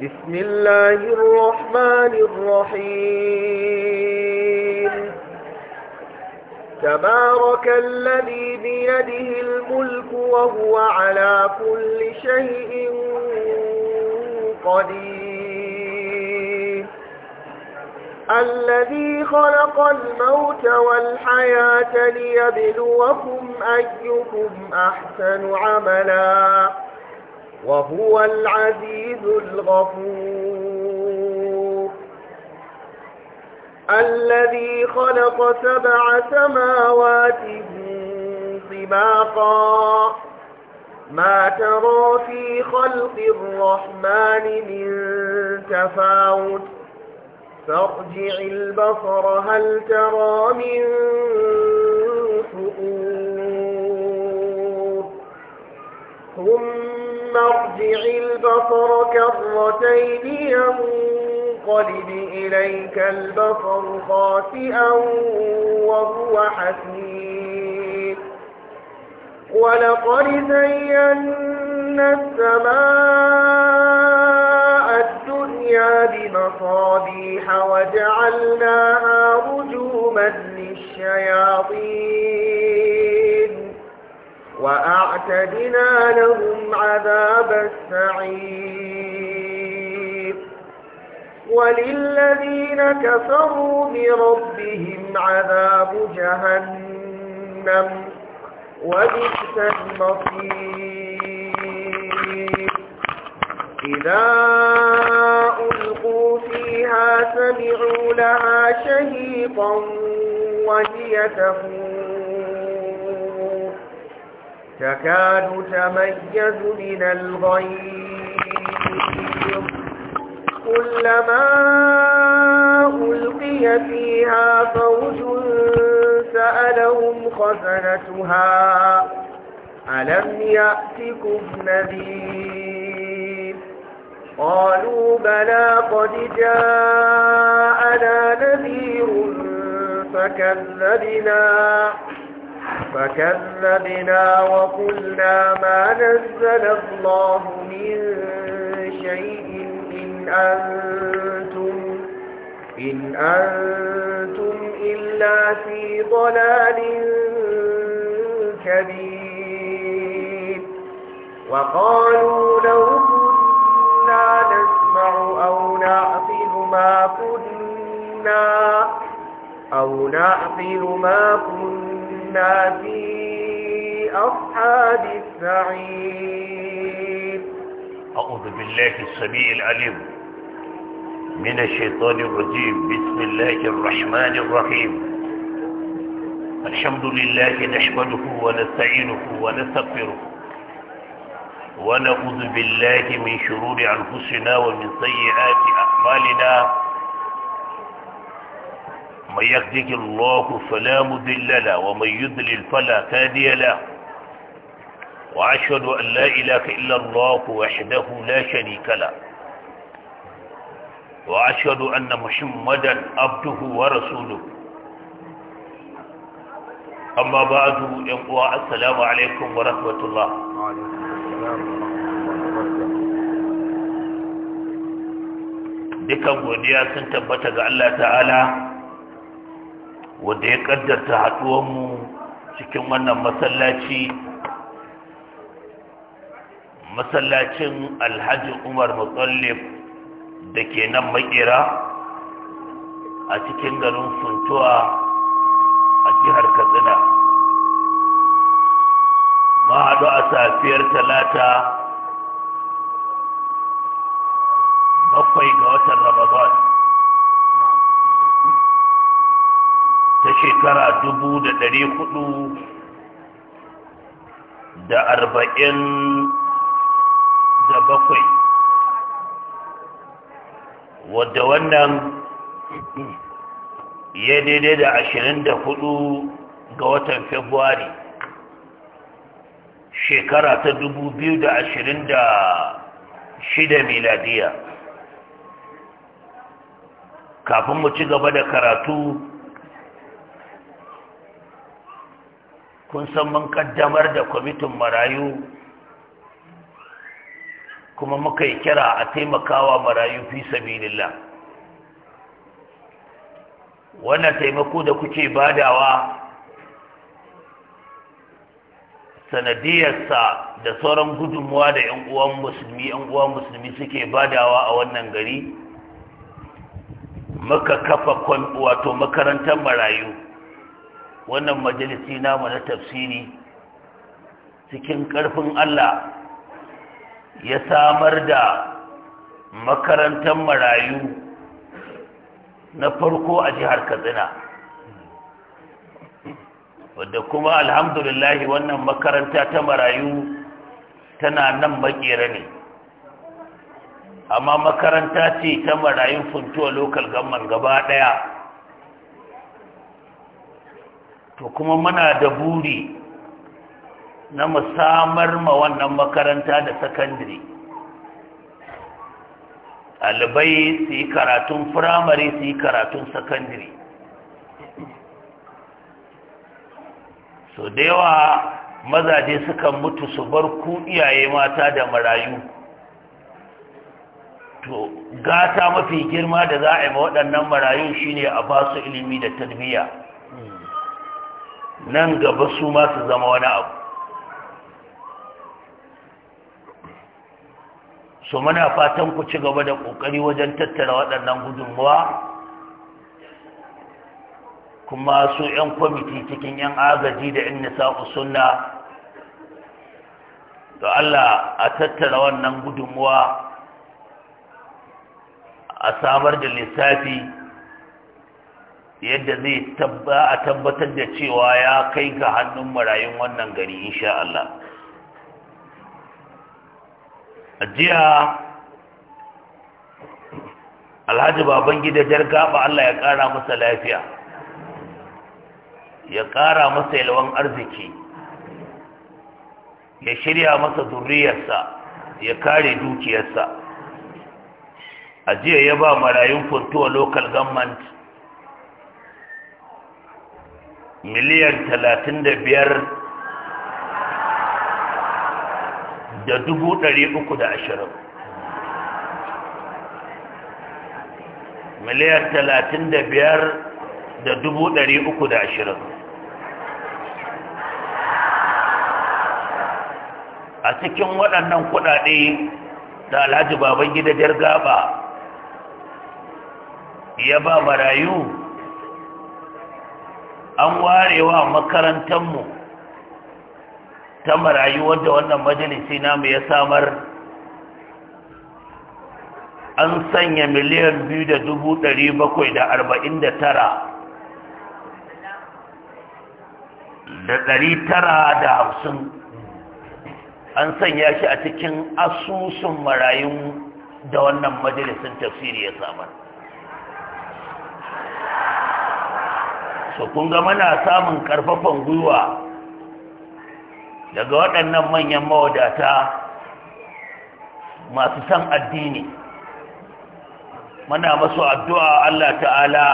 بسم الله الرحمن الرحيم تبارك الذي بيده الملك وهو على كل شيء قدير الذي خلق الموت والحياة ليبلوكم أيكم أحسن عملاً وهو العزيز الغفور الذي خلق سبع سماوات طباقا ما ترى في خلق الرحمن من تفاوت فارجع البصر هل ترى من فؤور ثم مرجع البصر كرتين ينقلب إليك البصر خاسئا وهو حسير ولقد زينا السماء الدنيا بمصابيح وجعلناها رجوما للشياطين وأعتدنا لهم عذاب السعير وللذين كفروا بربهم عذاب جهنم وبئس المصير إذا ألقوا فيها سمعوا لها شهيقا وهي تفور تكاد تميز من الغيظ كلما ألقي فيها فوج سألهم خزنتها ألم يأتكم نذير قالوا بلى قد جاءنا نذير فكذبنا فكذبنا وقلنا ما نزل الله من شيء إن أنتم, إن أنتم إلا في ضلال كبير وقالوا لو كنا نسمع أو نعقل ما كنا أو نعقل ما كنا كنا في أصحاب السعير أعوذ بالله السميع العليم من الشيطان الرجيم بسم الله الرحمن الرحيم الحمد لله نحمده ونستعينه ونستغفره ونعوذ بالله من شرور أنفسنا ومن سيئات أعمالنا من يهده الله فلا مذل له ومن يضلل فلا هادي له وأشهد أن لا إله إلا الله وحده لا شريك له وأشهد أن محمدا عبده ورسوله أما بعد يقوى السلام عليكم ورحمة الله dukan godiya sun tabbata ga Allah ta'ala wanda ya kaddarta mu cikin wannan masallaci masallacin alhaji umar mutsallif da ke nan makera a cikin garin funtuwa a jihar katsina mahaɗu a safiyar talata bakwai ga watan ramadan ta shekara dubu da ɗari hudu da arba'in da bakwai wadda wannan ya daidai da ashirin da hudu ga watan februari shekara ta dubu biyu da ashirin da shida miladiya kafin mu ci gaba da karatu kun san mun kaddamar da kwamitin marayu kuma muka yi kira a taimakawa marayu fi sabilillah wannan taimako da kuke badawa sanadiyarsa da sauran gudunmuwa da 'yan uwan musulmi 'yan uwan musulmi suke badawa a wannan gari muka kafa wato makarantar marayu wannan majalisi namu na tafsiri cikin ƙarfin Allah ya samar da makarantar marayu na farko a jihar Katsina wadda kuma alhamdulillahi wannan makaranta ta marayu tana nan makera ne amma makaranta ce ta marayun funtuwa lokal gamman gaba ɗaya to kuma muna da buri na musamar ma wannan makaranta da sakandare albai su yi karatun firamare su yi karatun sakandare so da yawa mazaje sukan mutu su bar ku iyaye mata da marayu to gata mafi girma da za a yi waɗannan marayu shine a ba su ilimi da tarbiyya nan gaba su ma su zama wani abu su muna fatan ku ci gaba da ƙoƙari wajen tattara waɗannan gudunmuwa kuma su 'yan kwamiti cikin 'yan agaji da 'yan nisa'u sunna da Allah a tattara wannan gudunmuwa a samar da lissafi yadda zai tabbatar da cewa ya kai ga hannun marayun wannan gari insha Allah ajiya alhaji babangida jargaba Allah ya kara masa lafiya ya kara masa yalwan arziki ya shirya masa zurriyarsa ya kare dukiyarsa ajiya ya ba marayun funtuwa local government miliyan talatin da biyar da dubu ɗari uku da ashirin miliyan talatin da biyar da dubu ɗari uku da ashirin a cikin waɗannan kuɗaɗe da alhaji Babangida gidajar gaba ya ba marayu an warewa makarantarmu ta marayu wadda wannan majalisi namu ya samar an sanya miliyan biyu da dubu ɗari bakwai da arba'in da tara da ɗari tara da hamsin an sanya shi a cikin asusun marayun da wannan majalisin tafsiri ya samar so kun ga muna samun karfafan gwiwa daga waɗannan manyan mawadata masu san addini muna masu addu'a Allah ta'ala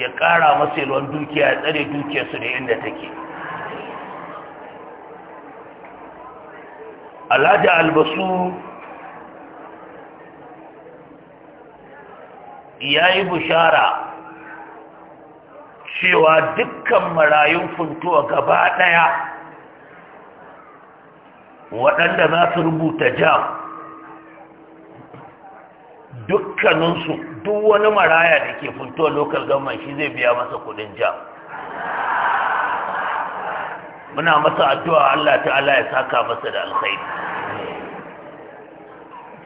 ya ƙara masu yalwan dukiya ya tsare dukiyarsu da inda take alhaji albasu ya yi bushara cewa dukkan marayun funtuwa gaba ɗaya waɗanda za su rubuta jam dukkaninsu duk wani maraya da ke funtuwa lokal government shi zai biya masa kudin jam muna masa addu'a Allah ta'ala ya saka masa da alkhairi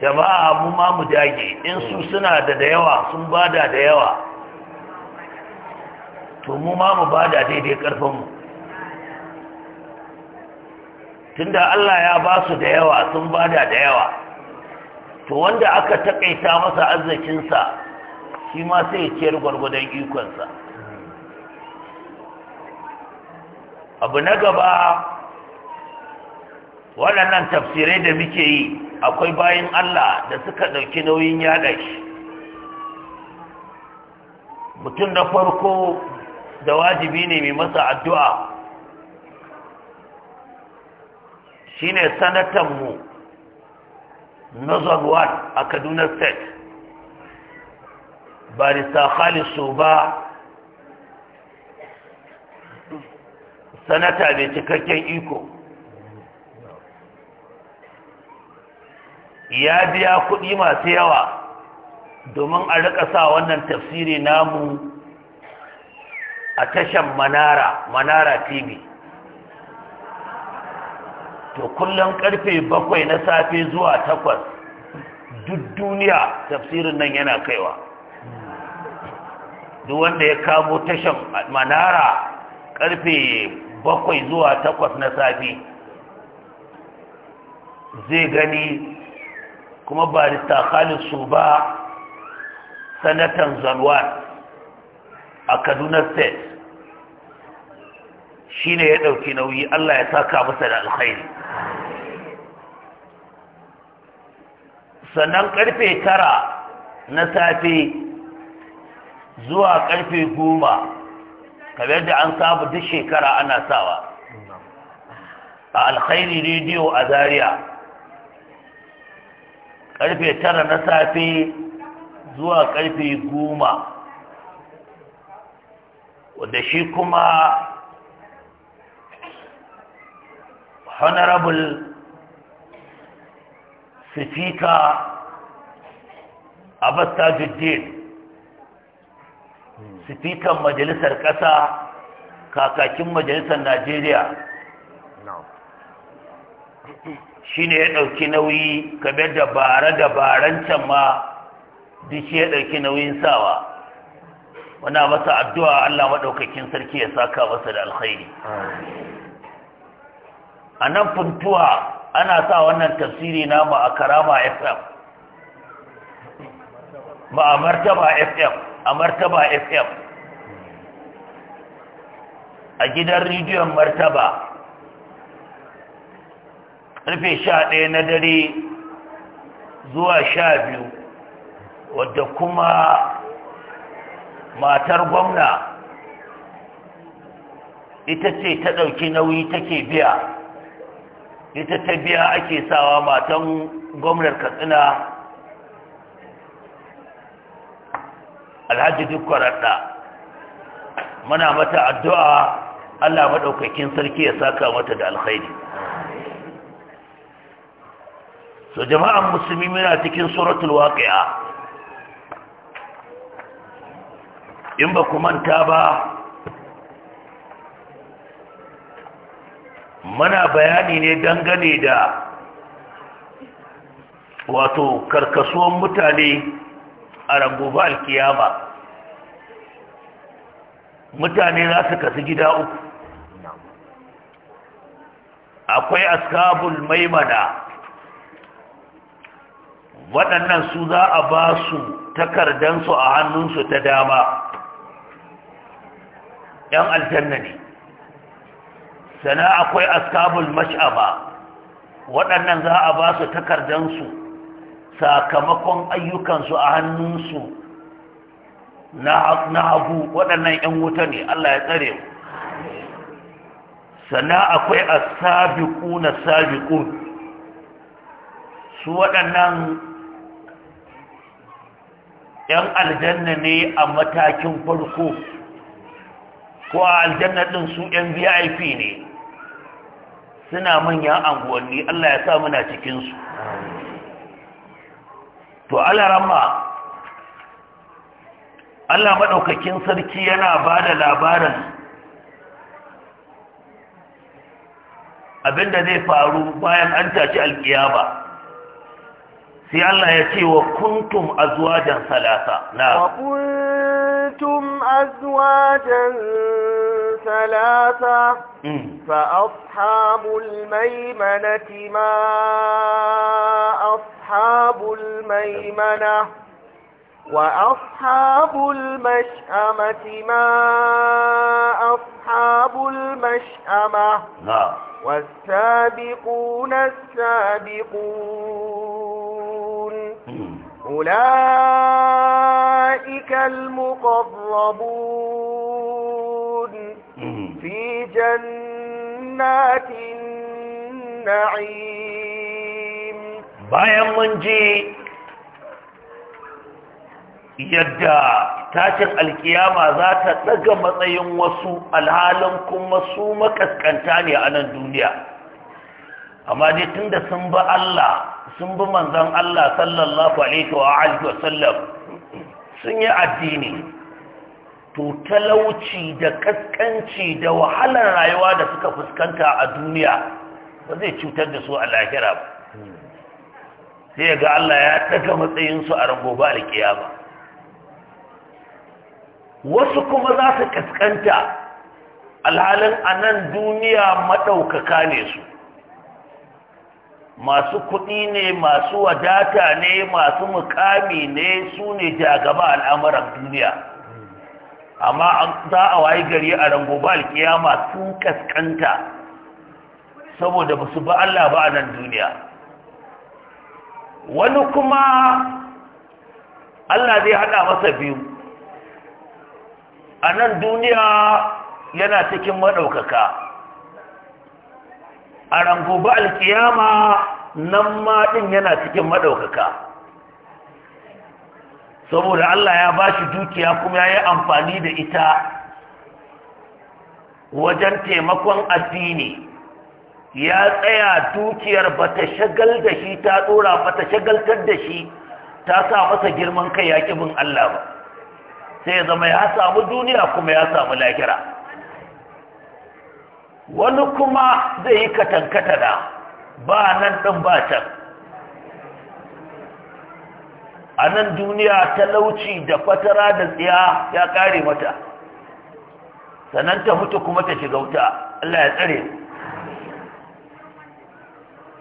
jama'a mu ma mu dage in su suna da da yawa sun bada da yawa to mu ma mu bada daidai mu tunda Allah ya ba su da yawa sun bada da yawa to wanda aka taƙaita masa arzikinsa shi ma sai ciyar gwargwadon ikonsa abu na gaba waɗannan tafsirai da muke yi akwai bayan Allah da suka ɗauki nauyin yaɗa shi mutum na farko da wajibi ne mai masa addu'a shi ne sanatanmu na zonwan a kaduna state barista khalisu ba sanata mai cikakken iko ya biya kuɗi masu yawa domin a riƙa sa wannan tafsiri namu a tashan manara manara tv to kullum karfe bakwai na safe zuwa takwas duk duniya tafsirin nan yana kaiwa duk wanda ya kamo tashan manara karfe bakwai zuwa takwas na safe zai gani kuma barista khalid su ba sanatan zanwar a kaduna state Shi ne ya ɗauki nauyi Allah ya saka masa da alkhairi sannan ƙarfe tara na safe zuwa ƙarfe goma kamar da an saba duk shekara ana sawa a alkhairi rediyo a zariya ƙarfe tara na safe zuwa ƙarfe goma wadda shi kuma honorable Sifika abasta jiddin sifikan majalisar ƙasa kakakin majalisar najeriya shi ne ya ɗauki nauyi kamar da bara da baran can ma duk ya ɗauki nauyin sawa wana masa addu'a allah maɗaukakin sarki ya saka masa da alkhairi a nan funtuwa ana sa wannan tafsiri namu a karama fm ba a martaba fm a martaba fm a gidan rediyon martaba ƙarfe sha ɗaya na dare zuwa sha biyu wadda kuma matar gwamna ita ce ta ɗauki nauyi take biya ita ta biya ake sawa matan gwamnar katsina alhaji duk da muna mata addu'a allah maɗaukakin sarki ya saka mata da alkhairi so jama'an musulmi muna cikin suratul waqi'a in ba ku manta ba mana bayani ne dangane da wato karkasuwan mutane a rangoba alkiyama mutane za su kasu gida uku akwai askabul maimana waɗannan su za a ba su takardansu a hannunsu ta dama ‘yan aljanna ne’ sana akwai askabul mash'aba waɗannan za a ba su takardansu sakamakon ayyukansu a hannunsu na hagu waɗannan 'yan wuta ne Allah ya tsare mu sana akwai asabiku na sabiku su waɗannan 'yan aljanna ne a matakin farko ko a aljanna ɗin su 'yan vip ne suna manyan anguwanni Allah ya sa muna cikinsu to alarama Allah maɗaukakin sarki yana ba da labarin abinda zai faru bayan an tashi alkiyaba sai Allah ya ce wa kuntum azwajan salasa na wa kuntum azwajan ثلاثة فأصحاب الميمنة ما أصحاب الميمنة وأصحاب المشأمة ما أصحاب المشأمة نعم والسابقون السابقون أولئك المقربون في bayan mun je yadda tashin alƙiyama za ta daga matsayin wasu alhalin kuma su makaskanta ne a nan duniya amma dai tunda sun sun bi manzon Allah sallallahu sun yi addini to talauci da kaskanci da wahalar rayuwa da suka fuskanta a duniya ba zai cutar da su a lahira ba sai ga Allah ya daga matsayinsu a rango rangoba alkiyama wasu kuma za su kaskanta alhalin a nan duniya maɗaukaka ne su masu kuɗi ne masu wadata ne masu mukami ne su ne jagaba al'amuran duniya amma za a wayi gari a rango ba alkiyama sun kaskanta saboda ba su ba Allah ba a nan duniya wani kuma Allah zai hada masa biyu a nan duniya yana cikin maɗaukaka a rango ba alkiyama nan ma ɗin yana cikin maɗaukaka saboda Allah ya ba shi dukiya kuma ya yi amfani da ita wajen taimakon addini ya tsaya dukiyar ba ta shagal da shi ta tsora ba ta shagaltar da shi ta sa masa girman kai ya bin Allah ba sai ya zama ya samu duniya kuma ya samu lahira wani kuma zai yi katankata da ba nan ɗin ba can a nan duniya talauci da fatara da tsiya ya kare mata sannan ta mutu kuma ta shiga wuta Allah ya tsare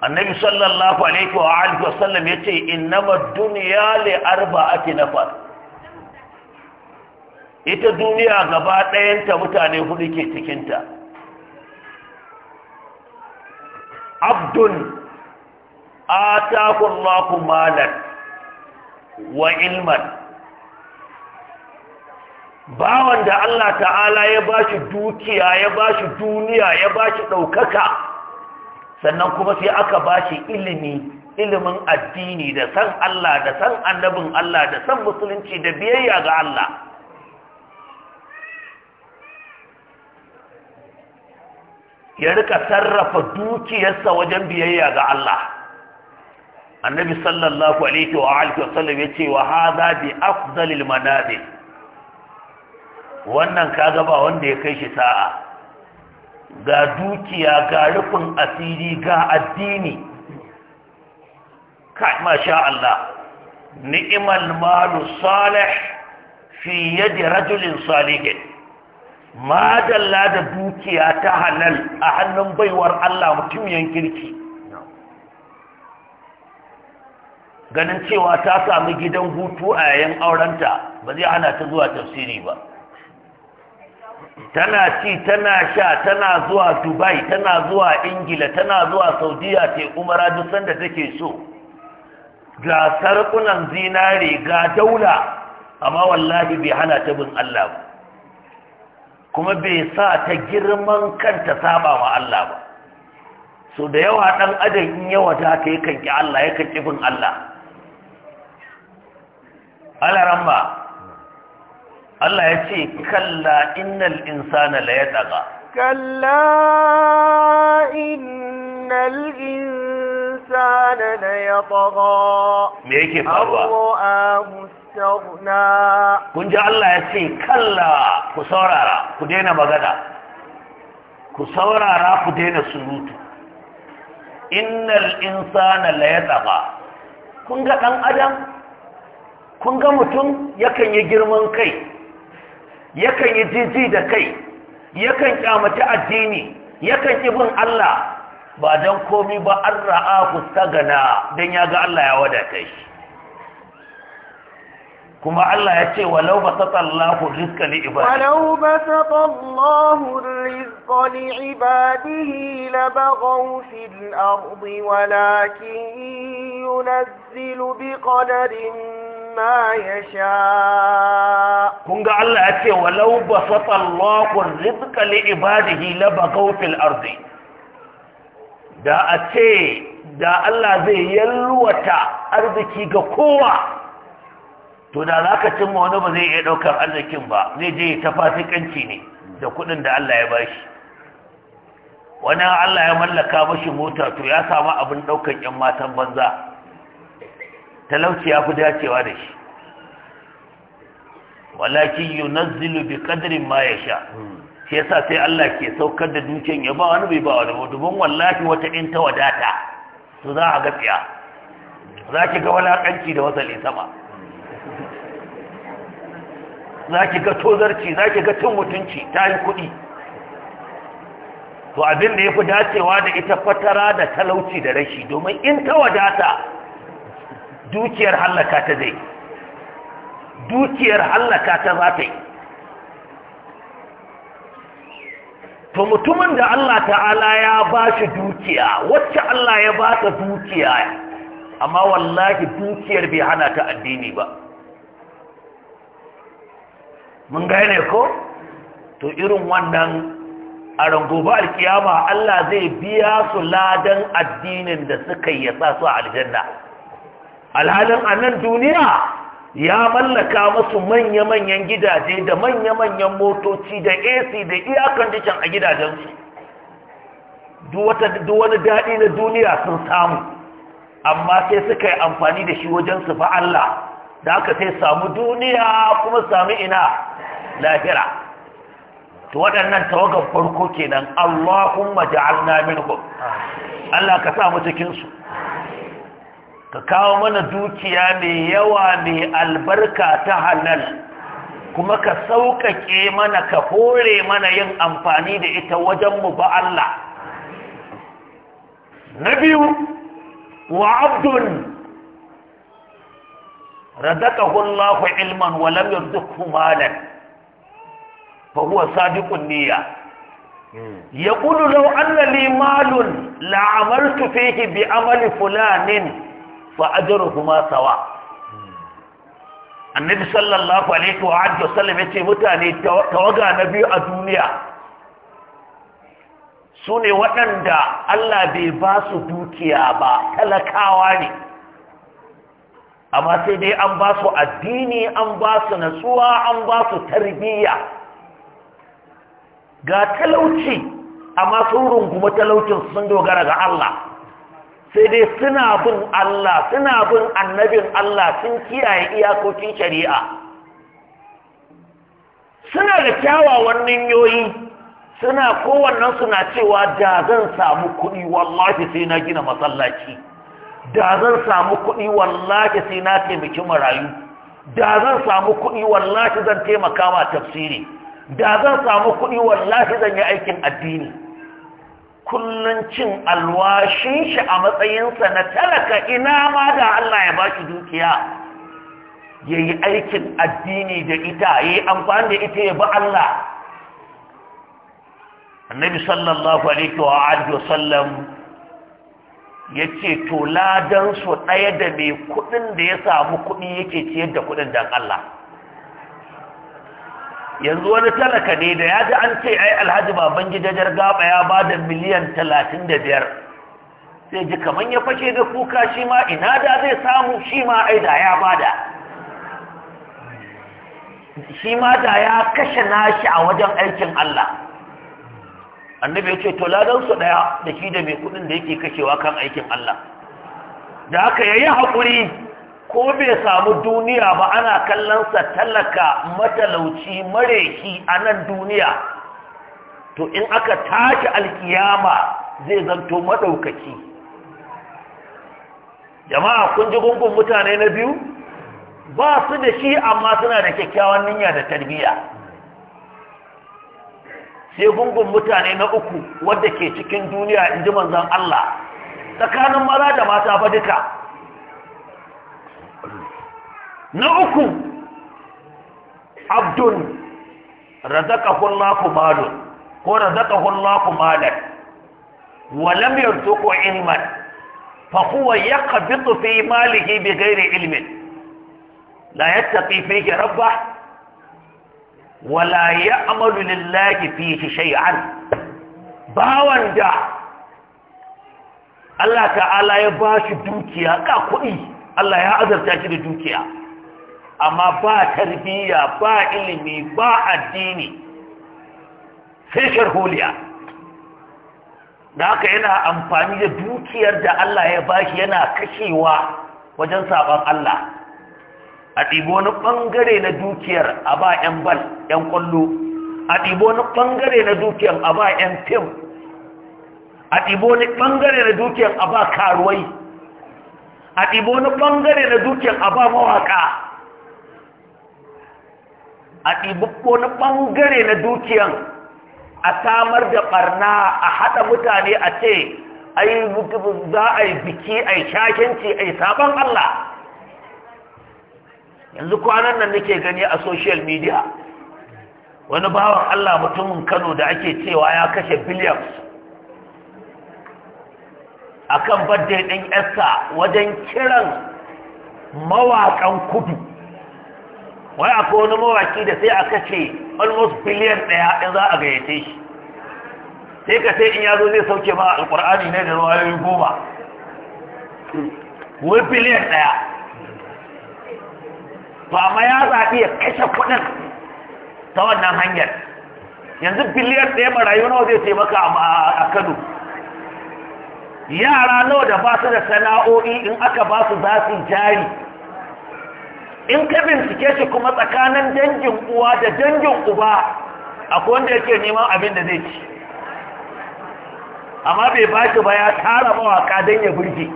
annabi sallallahu alaihi wa alihi wa sallam yace innama dunya li arba'ati nafar ita duniya gaba ɗayan ta mutane hudu ke cikin ta abdun ataqullahu malak malan wa ilman bawan da Allah ta'ala ya ba shi dukiya ya ba shi duniya ya ba shi ɗaukaka sannan kuma sai aka ba shi ilimi ilimin addini da san Allah da san annabin Allah da san musulunci da biyayya ga Allah ya rika sarrafa dukiyarsa wajen biyayya ga Allah annabi sallallahu alaihi wa alihi wasallam yace wa hadha bi afdalil manabi wannan kaga ba wanda ya kai shi sa'a ga dukiya ga rufin asiri ga addini ma sha Allah ni'mal malu salih fi yadi rajulin salihin ma dalla da dukiya ta halal a hannun baiwar Allah mutum yan kirki ganin cewa ta sami gidan hutu a yayin aurenta ba zai hana ta zuwa tafsiri ba tana ci tana sha tana zuwa dubai tana zuwa ingila tana zuwa saudiya ta umara duk sanda take so ga sarkunan zinare ga daula amma wallahi bai hana ta bin allah ba kuma bai sa ta girman kanta saba wa allah ba so da yawa ɗan adam in yawa ta ka yakan ki allah ya ki bin allah alaramba Allah ya ce kalla innal insana la yataqa kalla innal insana la yataqa me yake faruwa Allahu astaghna kun ji Allah ya ce kalla ku saurara ku daina magana ku saurara ku daina surutu innal insana la yataqa kun ga dan adam kun ga mutum yakan yi girman kai yakan yi jiji da kai yakan kyamata addini yakan ibin Allah ba don komi ba an ra'afu sagana don ya ga Allah ya wadata shi kuma Allah ya ce walau ba sata Allah rizqa li ibadihi walau ba sata Allah rizqa li ibadihi la baghaw fil ardi yunazzilu bi qadarin Allah ya ce كنغا الله أتي ولو بسط الله laba لعباده arzi. Da a ce da Allah zai yalwata arziki ga kowa. to da za ka cimma wani ba zai iya ɗaukar arzikin ba zai je ta fasikanci ne da kuɗin da Allah ya ba shi wani Allah ya mallaka mashi mota to ya samu abin ɗaukar 'yan matan banza talauci ya fi dacewa da shi walakin yunazzilu bi kadirin ma ya sha. shi yasa sai Allah ke saukar da dukiyar ya ba wani bai ba wani mutumin wallahi wata in ta wadata to za a ga tsiya za ki ga walakanci da wasali sama za ki ga tozarci za ki ga cin mutunci ta yi kuɗi to abin da ya fi dacewa da ita fatara da talauci da rashi domin in ta wadata dukiyar hallaka ta zai dukiyar hallaka ta za ta yi to mutumin da Allah ta'ala ya ba shi dukiya wacce Allah ya ba ta dukiya amma wallahi dukiyar bai hana ta addini ba mun gane ko to irin wannan a rangoba alkiyama Allah zai biya su ladan addinin da suka yi ya sa su aljanna alhalin a nan duniya ya mallaka masu manya-manyan gidaje da manya-manyan motoci da ac da iyakan jikin a gidajensu duk wani daɗi na duniya sun samu amma sai suka yi amfani da shi wajen su Allah da aka sai samu duniya kuma sami ina lahira to waɗannan tawagar farko kenan Allahumma ja'alna minhum Allah ka samu cikinsu. ka kawo mana dukiya mai yawa mai albarka ta halal kuma ka sauƙaƙe mana ka hore mana yin amfani da ita wajen mu ba Allah na biyu wa abdun radakahu Allah ilman wa lam yarzuqhu malan fa niyya yaqulu law anna li malun la amaltu fihi bi amali fulanin fa kuma sawa annabi sallallahu alaihi wa alihi wasallam yace mutane tawaga na biyu a duniya sune ne waɗanda Allah bai ba su dukiya ba talakawa ne amma sai dai an ba su addini an ba su natsuwa an ba su tarbiyya ga talauci amma sun rungumi talaucin sun dogara ga Allah sai dai suna bin Allah suna bin annabin Allah sun kiyaye iyakokin shari'a suna da kyawawan ninyoyi suna kowannen suna cewa da zan samu kuɗi wallahi sai na gina masallaci da zan samu kuɗi wallahi sai na taimaki marayu da zan samu kuɗi wallahi zan taimaka ma tafsiri da zan samu kuɗi wallahi zan yi aikin addini kullun cin alwashin shi a matsayinsa na talaka ina ma da Allah ya baki dukiya yayi aikin addini da ita ya amfani da ita ya bi Allah annabi sallallahu alaihi wa alihi wasallam sallam ya ce to daya ɗaya da mai kuɗin da ya samu kuɗi yake ciyar da kuɗin dan Allah yanzu wani talaka ne da ya ji an ce ai alhaji baban gidajar gaba ya ba da miliyan talatin da biyar sai ji kamar ya fashe da kuka shi ma ina da zai samu shi ma ai da ya ba da shi ma da ya kashe nashi a wajen aikin Allah annabi ya ce to su ɗaya da shi da mai kuɗin da yake kashewa kan aikin Allah da aka yayi haƙuri ko bai samu duniya ba ana kallonsa talaka matalauci mareki a nan duniya to in aka tashi alkiyama zai zanto maɗaukaki jama'a kun ji gungun mutane na biyu ba su da shi amma suna da kyakkyawan niyya da tarbiyya sai gungun mutane na uku wadda ke cikin duniya in ji manzan Allah tsakanin maza da mata fa duka na uku abdun razaqahu Allahu malun ko razaqahu Allahu malan wa lam ko ilman fa huwa yaqbitu fi malihi gairi ilmin la fi ki rabba wala ya ya'malu lillahi fihi shay'an bawan da Allah ta'ala ya bashi dukiya ka kuɗi Allah ya azarta shi da dukiya amma ba tarbiyya ba ilimi ba addini sai sharholiya da haka yana amfani da dukiyar da Allah ya bashi yana kashewa wajen saɓan Allah a ɗibo wani ɓangare na dukiyar a ba 'yan bal 'yan ƙwallo a ɗibo wani ɓangare na dukiyar a ba 'yan fim a ɗibo wani ɓangare na dukiyar a ba karuwai a ɗibo wani ɓangare na dukiyar a ba mawaƙa a ɗibo wani ɓangare na dukiyar a samar da ɓarna a haɗa mutane a ce za a yi biki a yi shakenci a yi sabon Allah yanzu kwanan nan nake gani a social media wani bawan Allah mutumin Kano da ake cewa ya kashe billions akan kan ɗin wajen kiran mawaƙan kudu wai akwai wani mawaƙi da sai aka ce almost biliyan ɗaya in za a gayyace shi sai ka sai in yazo zai sauke ma alƙur'ani ne da ruwayoyi goma wai biliyan ɗaya ba amma ya zaɓi ya kashe kuɗin ta wannan hanyar yanzu biliyan ɗaya marayu nawa zai taimaka a kano yara nawa da ba su da sana'o'i in aka ba su za su jari in ka bincike shi kuma tsakanin dangin uwa da dangin uba a wanda yake neman abin da zai ci amma bai ba shi ba ya tara mawaka don ya burge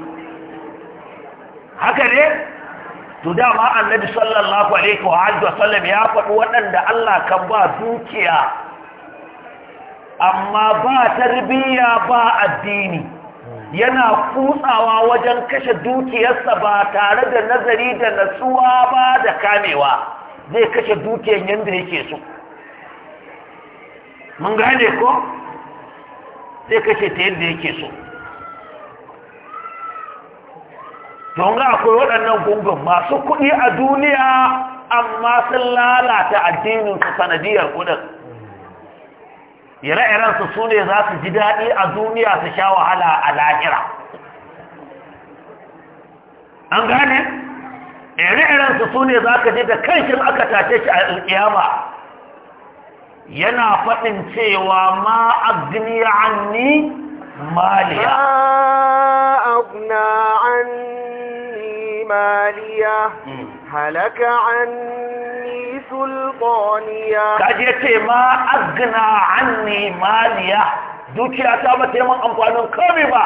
haka ne to dama annabi sallallahu alaihi wa alihi wasallam ya faɗi waɗanda Allah kan ba dukiya amma ba tarbiyya ba addini yana kutsawa wajen kashe dukiyarsa ba tare da nazari da natsuwa ba da kamewa zai kashe dukiyar yadda yake so mun gane ko zai kashe ta yadda yake so don ga akwai waɗannan gungun masu kuɗi a duniya amma sun lalata su sanadiyar kudin ire-irensu su ne za su ji daɗi a duniya su sha wahala a lahira an gane ire-irensu su ne za ka ji da kanshin aka tashe shi a alƙiyama yana faɗin cewa ma agniya anni maliya ma maliya hmm. halaka anni sultaniya kaje ce ma agna anni maliya dukiya ta ba ta man amfanin komai ba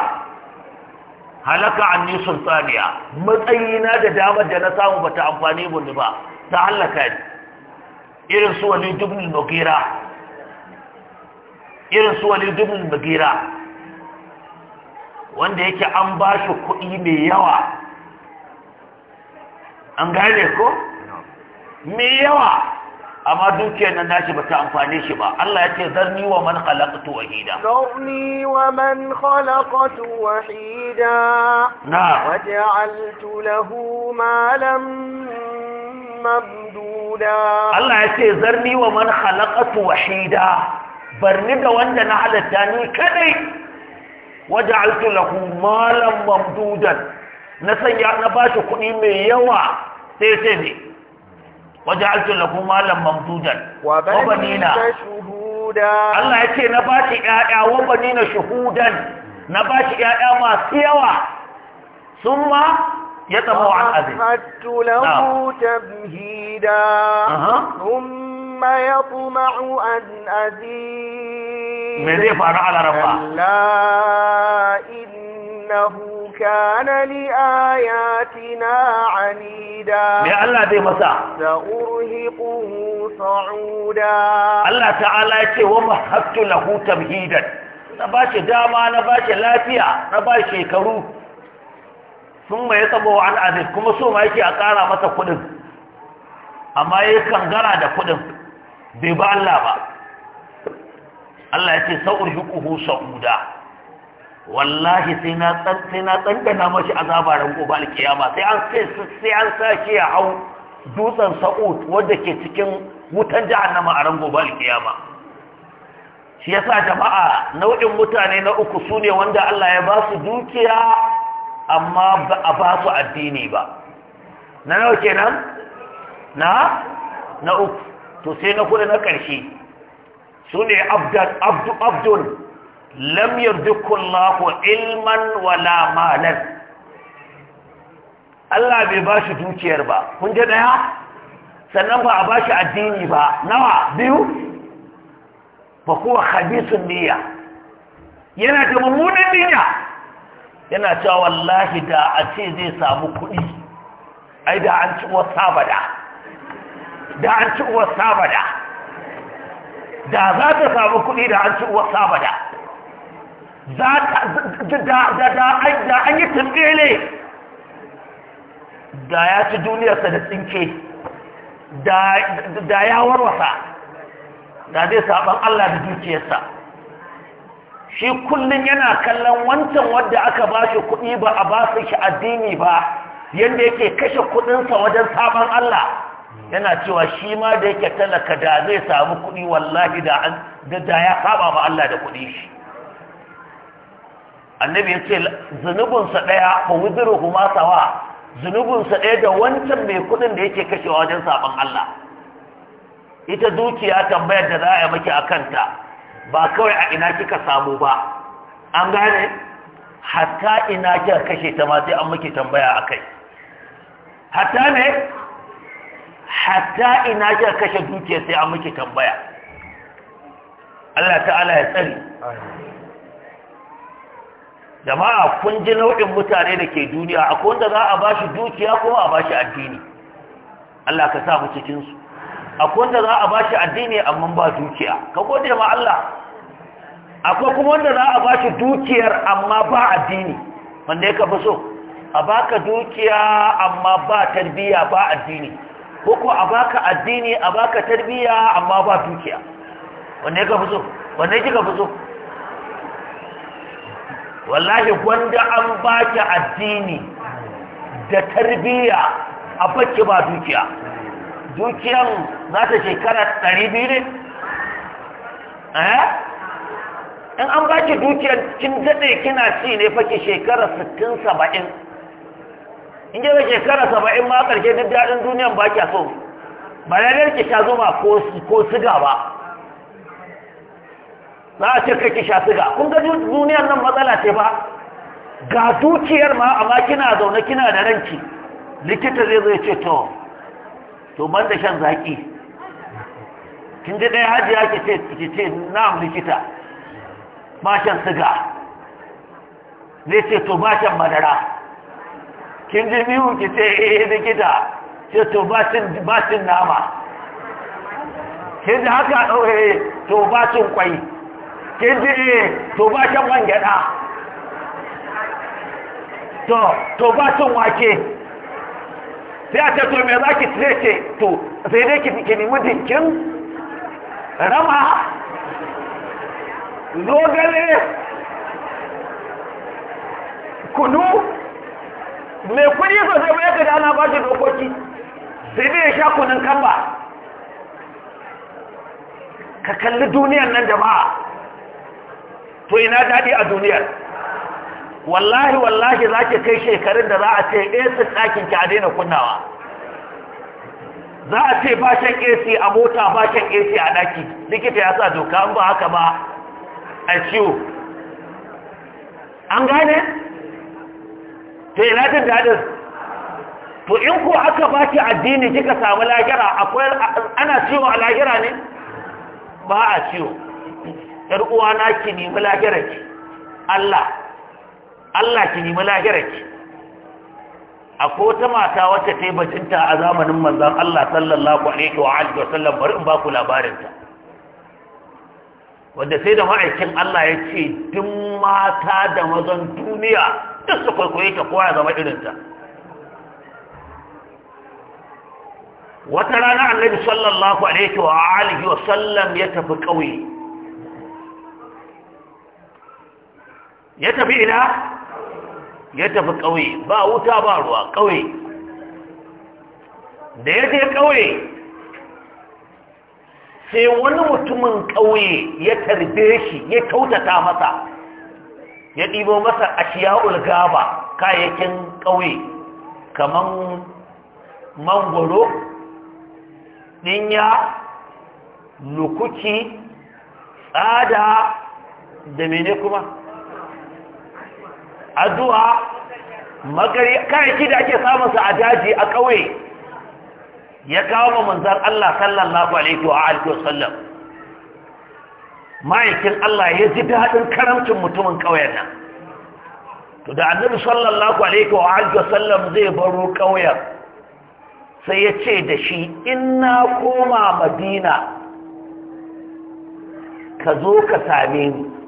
halaka anni sultaniya matsayina da dama da na samu bata amfani bane ba ta irin su wali dubul mugira irin su wali dubul mugira wanda yake an ba shi kuɗi mai yawa an gane ko me yawa amma dukiyar nan nashi ba ta amfani shi ba Allah ya ce zarni wa man khalaqtu wahida zarni wa man khalaqtu wahida na wa ja'altu lahu malam mamduda Allah ya ce zarni wa man khalaqtu wahida barni da wanda na halatta ni kadai wa ja'altu lahu malam mamdudan na sanya na bashi kuɗi mai yawa sai sai ne waja'altu lakum malan mamdudan wa banina Allah ya ce na bashi ƴaƴa wa banina shuhudan na bashi ƴaƴa masu yawa summa ya tabo an azin hattu lahu tabhida ya yatma'u an azin mai zai faru a laraba la إنه كان لآياتنا عنيدا يا الله دي مساء سأرهقه صعودا الله تعالى يتي ومهبت له تمهيدا نباشي داما نباشي لافيا نباشي كرو ثم يتبو عن عذاب كما سوما يتي أقارا مسا قدم أما يكنغرا دا قدم بيبا الله با Allah ya ce sa'ur hukuhu sa'uda wallahi sai na sai na na mashi azaba ran ba alkiyama sai an sai sai an sashi ya hau dutsen sa'ut wanda ke cikin wutan jahannama a ran ba alkiyama shi yasa jama'a nau'in mutane na uku sune wanda Allah ya ba su dukiya amma ba ba su addini ba na nawa kenan na na uku to sai na kudu na ƙarshe Sune abdu abdun lam yarzuqullahu ilman wala malan Allah bai bashi dukiyar ba kun ji daya sannan ba a bashi addini ba nawa biyu fa huwa khabithun niyya yana da mummunan niyya yana cewa wallahi da a ce zai samu kuɗi ai da an ci uwar sabada da an ci uwar sabada da za ta samu kuɗi da an ci uwar sabada da an yi tambele da ya ci duniyarsa da tsinke da ya warwasa da zai saban Allah da dukiyarsa shi kullum yana kallon wancan wadda aka ba shi kuɗi ba a ba su shi addini ba yadda yake kashe kuɗinsa wajen saban Allah yana cewa shi ma da yake talaka da zai samu kuɗi wallahi da ya saba ba Allah da kuɗi shi annabi ya ce zunubinsa ɗaya ba wuziru kuma zunubinsa ɗaya da wancan mai kuɗin da yake kashewa wajen sabon Allah ita dukiya tambayar da za a yi maki a kanta ba kawai a ina kika samu ba an gane hatta ina kika kashe ta ma sai an maki tambaya a kai hatta ne hatta ina kika kashe dukiya sai an maki tambaya Allah ta'ala ya tsari jama'a kun ji nau'in mutane da ke duniya akwai wanda za a ba shi dukiya kuma a ba shi addini Allah ka sa mu cikin su akwai wanda za a ba shi addini amma ba dukiya ka gode ma Allah akwai kuma wanda za a ba shi dukiyar amma ba addini wanda ka fi so a baka dukiya amma ba tarbiyya ba addini ko ko a baka addini a baka tarbiyya amma ba dukiya wanda ka fi so wanda kika fi so wallahi wanda an baki addini da tarbiyya a baki ba dukiya dukiyan za ta shekara 200 ne eh in an baki dukiyan kin daɗe kina ci ne faki shekara 60 70 in ga shekara 70 ma ƙarshe duk daɗin duniyan baki so ba ya ki ta zuma ko ko siga ba za a ce kake sha siga kun ga duniyar nan matsala ce ba ga dukiyar ma amma kina zaune kina da ranki likita zai zai ce to to ban da shan zaki kin ji ɗaya hajiya ki ce ki ce na'am likita ba shan siga zai ce to ba shan madara kin ji biyu ki ce eh likita ce to ba shan nama kin ji haka oh, eh, to ba cin kwai kin ji to ba shan man gyaɗa to to ba cin wake sai a ce to me za ki ce ce to sai dai ki nemi dinkin rama zogale kunu mai kudi sosai ba yadda ana ba shi dokoki sai dai ya sha kunun kamba ka kalli duniyan nan jama'a to ina daɗi a duniyar wallahi wallahi za ki kai shekarun da za a ce ac ɗakin ki a daina kunnawa za a ce bashin ac a mota bashin ac a ɗaki likita ya sa doka an ba haka ba a ciwo an gane? To ina jin daɗin to in ko aka baki addini kika samu lagira? akwai ana ciwo a lagira ne ba a ciwo ‘yar uwana ki nemi lahirarki Allah Allah ki nemi lahirarki akwai wata mata wata ta yi bacinta a zamanin manzan Allah sallallahu alaihi wa alihi wasallam bari in ba ku labarinta wanda sai da ma'aikin Allah ya ce duk mata da mazan duniya duk su kwaikwaye ta kowa zama irinta wata rana annabi sallallahu alaihi wa alihi wasallam ya tafi ƙauye ya tafi ina ya tafi ƙauye ba wuta ba ruwa ƙauye da ya je ƙauye sai wani mutumin ƙauye ya tarbe shi ya kyautata masa ya ɗibo masa a ashiya ulgaba kayayyakin ƙauye kaman mangoro ɗinya lukuki tsada da mene kuma addu'a magari kayayyaki da ake samun sa a daji a ƙauye ya kawo ma manzon Allah sallallahu alaihi wa alihi wasallam ma'aikin Allah ya ji daɗin karamcin mutumin ƙauyen nan to da annabi sallallahu alaihi wa alihi wasallam zai baro ƙauyen sai ya ce da shi in na koma madina ka zo ka same ni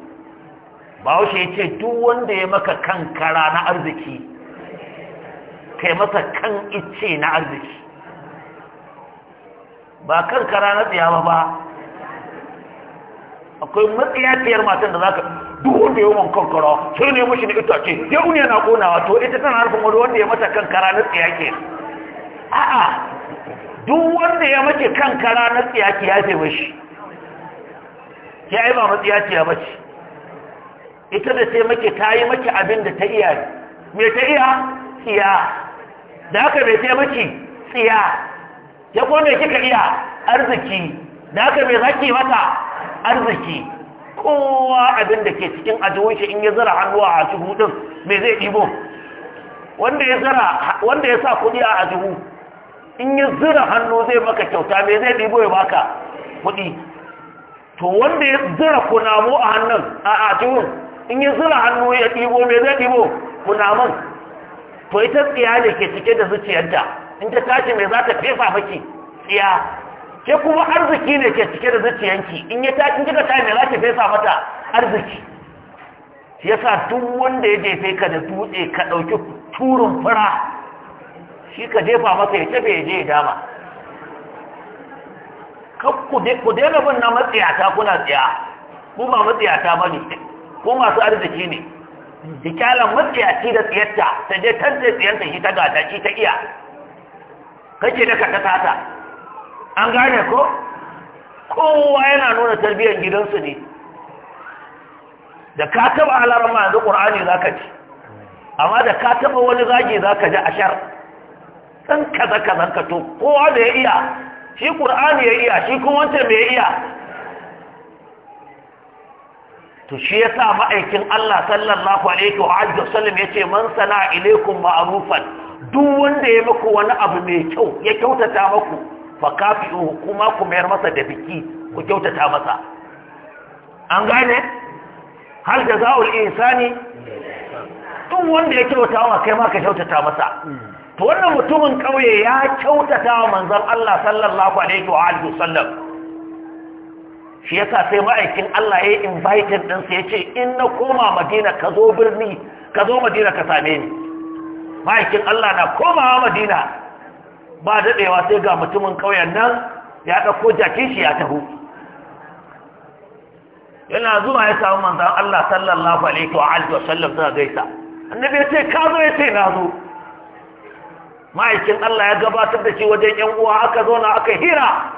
bahaushe ya ce duk wanda ya maka kan kara na arziki kai masa kan ice na arziki ba kan kara na tsiyawa ba akwai matsiyaciyar matan da za ka duk wanda ya wankan kara sai ne mashi na itace ya uniya na konawa to ita tana harfin wani wanda ya mata kan kara na tsiyake a'a duk wanda ya mace kan kara na tsiyake ya fi mashi ya yi ba matsiyaciya ba ce ita da sai maki ta yi maki abin da ta iya me ta iya tsiya da haka me sai maki tsiya ya ko me kika iya arziki da haka me zaki mata arziki kowa abin da ke cikin ajiyun shi in ya zira hannu a ajihu din me zai ɗibo wanda ya wanda ya sa kudi a ajihu in ya zira hannu zai maka kyauta me zai ɗibo ya baka kuɗi to wanda ya zira kunamo a hannun a ajihun in yi zura hannu ya ɗibo me zai ɗibo munaman to ita tsiya ne ke cike da zuciyarta in ta tashi me za ta fefa maki tsiya ke kuma arziki ne ke cike da zuciyanki in ya tashi kika tashi me za ta fefa mata arziki ya sa duk wanda ya jefe ka da dutse ka ɗauki turun fura shi ka jefa masa ya tafe ya je ya dama ku daina bin na matsiyata kuna tsiya ku ba matsiyata ba ne ko masu arziki ne a ci da tsiyarta ta je tantance tsiyarta shi ta gata shi ta iya kake da ka tata an gane ko kowa yana nuna tarbiyyar gidansu ne da ka taba halarar ma yanzu ƙur'ani za ka ci amma da ka taba wani zagi za ka ji ashar ɗan kaza kaza ka to kowa da ya iya shi ƙur'ani ya iya shi kuma wancan mai iya to shi ya sa ma'aikin Allah sallallahu alaihi wa alihi wasallam yace man sana ilaikum ma'rufan duk wanda ya muku wani abu mai kyau ya kyautata muku fa kafi'uhu kuma ku mayar masa da biki ku kyautata masa an gane hal jazaul insani duk wanda ya kyautata wa kai ma ka kyautata masa to wannan mutumin kauye ya kyautata wa manzon Allah sallallahu alaihi wa alihi wasallam shi sai ma'aikin Allah ya yi invited din sai ya ce in na koma Madina ka zo birni ka zo Madina ka same ni ma'aikin Allah na komawa Madina ba daɗewa sai ga mutumin ƙauyen nan ya ɗauko jakin shi ya taho yana zuwa ya samu manzan Allah sallallahu alaihi wa alihi wa sallam gaisa annabi ya ce ka zo ya ce na zo ma'aikin Allah ya gabatar da shi wajen yan uwa aka zo na aka hira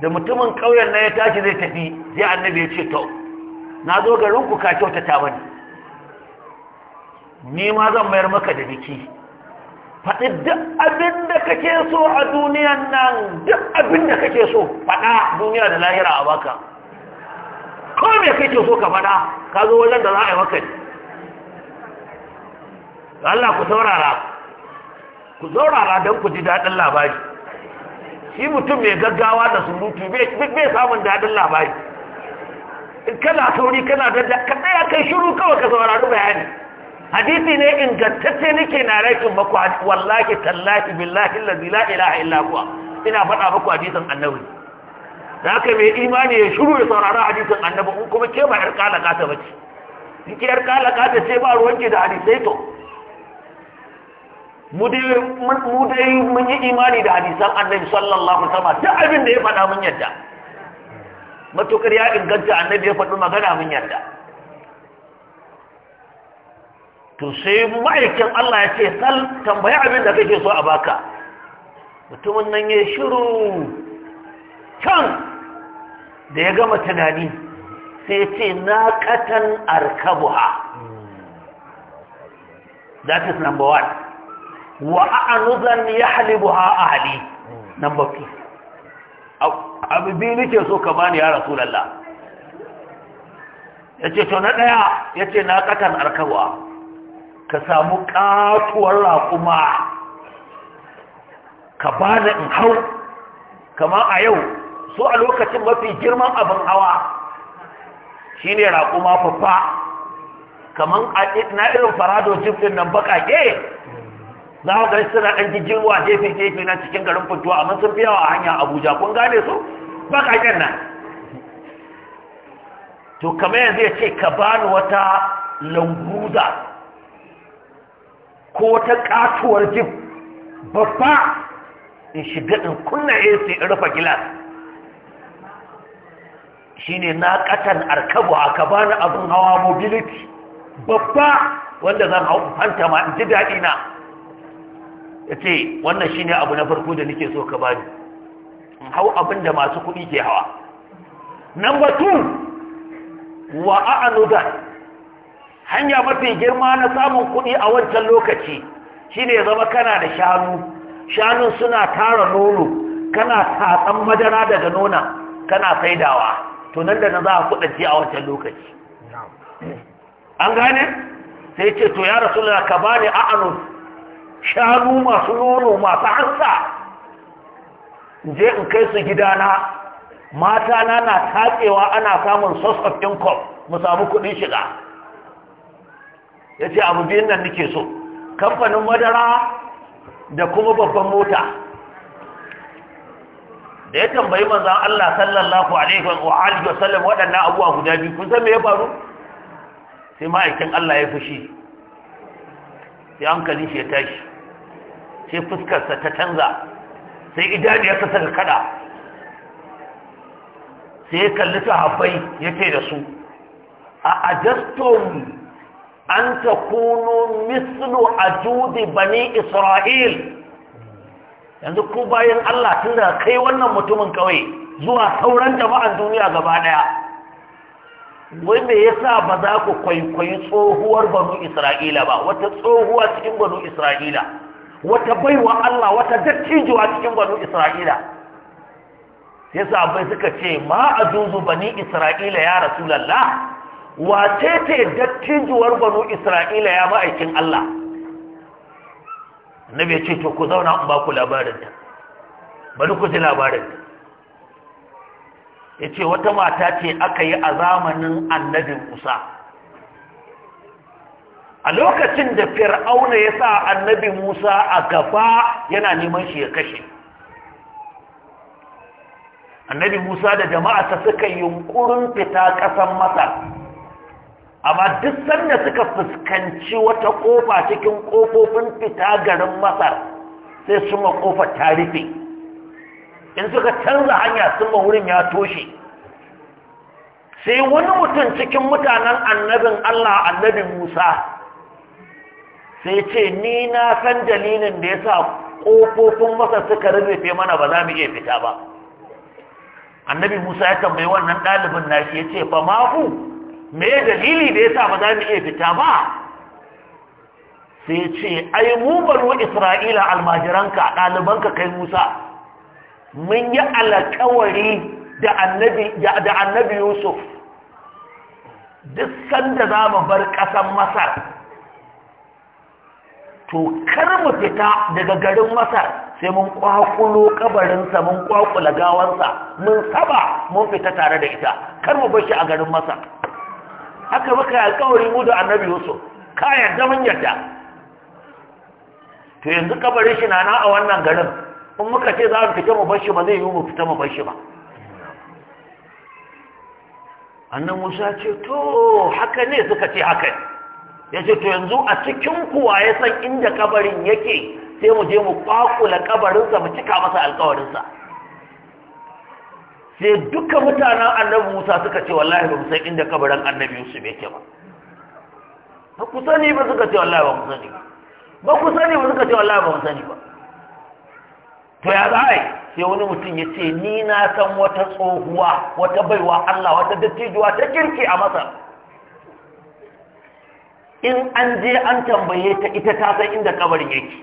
da mutumin ƙauyen na ya tashi zai tafi zai annabi ya ce to na zo garin ku ka ta mani ni ma zan mayar maka da biki faɗi duk abin da kake so a duniyan nan duk abin da kake so faɗa duniya da lahira a baka ko me kake so ka faɗa ka zo wajen da za a yi maka ne Allah ku saurara ku saurara don ku ji daɗin labari shi mutum mai gaggawa da surutu bai samun daɗin labari kana sauri kana da ka tsaya kai shiru kawai ka saurari bayani hadisi ne ingantacce nake na raikin maku wallahi tallahi billahi la ilaha illa huwa ina faɗa maku hadisin annabi da aka mai imani ya shiru ya saurari hadisin annabi kuma ke ba yar kalaka ta bace ki yar kalaka ta ce ba ruwanki da hadisai to mu dai mun yi imani da hadisan annabi sallallahu alaihi wasallam duk abin da ya faɗa mun yadda matukar ya inganta annabi ya faɗi magana mun yadda to sai ma'aikin Allah ya ce sal tambayi abin da kake so a baka mutumin nan ya shiru can da ya gama tunani sai ce na katan arkabuha that is number one wa a'anuzan yahlibuha ahli number 2 abu biyu nake so ka bani ya rasulullah yace to na daya yace na katan arkawa ka samu katuwar raƙuma ka bani in hau kamar a yau so a lokacin mafi girman abin hawa shine raƙuma fafa kaman a na irin farado jif nan bakake na ku gani suna ɗan jijjirwa jefe-jefe na cikin garin fituwa amma sun fi yawa a hanya abuja kun gane su baƙaƙen nan to kamar yanzu ya ce ka bani wata languza ko wata ƙatuwar jib babba in shiga in kunna ac in rufe gilas shine na katan arkabu Ka bani abin hawa mobility babba wanda zan hau fanta ma in ji daɗi na ya ce wannan shi ne abu na farko da nake so ka bani hau abin da masu kuɗi ke hawa number two wa a'anudan hanya mafi girma na samun kuɗi a wancan lokaci shi ne zama kana da shanu shanun suna tara nono kana tatsan madara daga nona kana faidawa. to nan da na za a kuɗace a wancan lokaci an gane sai ce to ya rasu ka bani a'anud shanu masu nono masu hansa je in kai su gidana mata na na tatsewa ana samun source of income mu samu kudin shiga ya ce abu biyun nan nake so kamfanin madara da kuma babban mota da ya tambayi manzan Allah sallallahu alaihi wa waɗannan abuwa guda biyu kun san ya faru sai ma'aikin Allah ya fushi Ya hankali shi ya tashi sai fuskarsa ta canza sai idaniyarsa ta kada sai ya kalli sahabbai ya ce da su a ajastum an ta kuno mislu a judi bani isra'il yanzu ku bayan allah tun da kai wannan mutumin kawai zuwa sauran jama'an duniya gaba daya wai me yasa ba za ku kwaikwayi tsohuwar banu isra'ila ba wata tsohuwa cikin banu isra'ila wata baiwa Allah wata dattijo a cikin banu Isra'ila sai sahabbai suka ce ma azuzu bani Isra'ila ya rasulullah wace ce dattijuwar banu Isra'ila ya ma'aikin Allah annabi ya ce to ku zauna in ba ku labarin ta? bari ku ji labarin. ya ce wata mata ce aka yi a zamanin annabin Musa a lokacin da fir'auna ya sa annabi musa a gaba yana neman shi ya kashe annabi musa da jama'a ta suka yunkurin fita ƙasan masar amma duk sanda suka fuskanci wata ƙofa cikin ƙofofin fita garin masar sai suma ƙofar ta rufe in suka canza hanya suma wurin ya toshe sai wani mutum cikin mutanen annabin allah annabi musa sai ce ni na san dalilin da ya sa ƙofofin masa suka rufe mana ba za mu iya fita ba annabi musa ya tambayi wannan ɗalibin nashi ya ce ma mahu me dalili da ya sa ba za mu iya fita ba sai ce ai mu banu isra'ila almajiranka ɗalibanka kai musa mun yi alkawari da annabi yusuf duk sanda za mu bar ƙasar masar to kar mu fita daga garin masar sai mun kwakulo kabarinsa mun kwakula gawansa mun saba mun fita tare da ita kar mu bar shi a garin masar haka muka yi alkawari mu da annabi yusuf ka yarda mun yarda to yanzu kabarin shi na na a wannan garin in muka ce za mu fita mu bar shi ba zai yi mu fita mu bar shi ba annan musa ce to haka ne suka ce haka ne ya ce to yanzu a cikin kuwa ya san inda kabarin yake sai mu je mu kwakula kabarinsa mu cika masa alkawarinsa sai duka mutanen annabi musa suka ce wallahi ba mu san inda kabarin annabi yusuf yake ba ba ku sani ba suka ce wallahi ba mu sani ba ba ku sani ba suka ce wallahi ba mu sani ba to ya za yi sai wani mutum ya ce ni na san wata tsohuwa wata baiwa allah wata dattijuwa ta kirki a masar in an je an tambaye ta ita ta san inda kabarin yake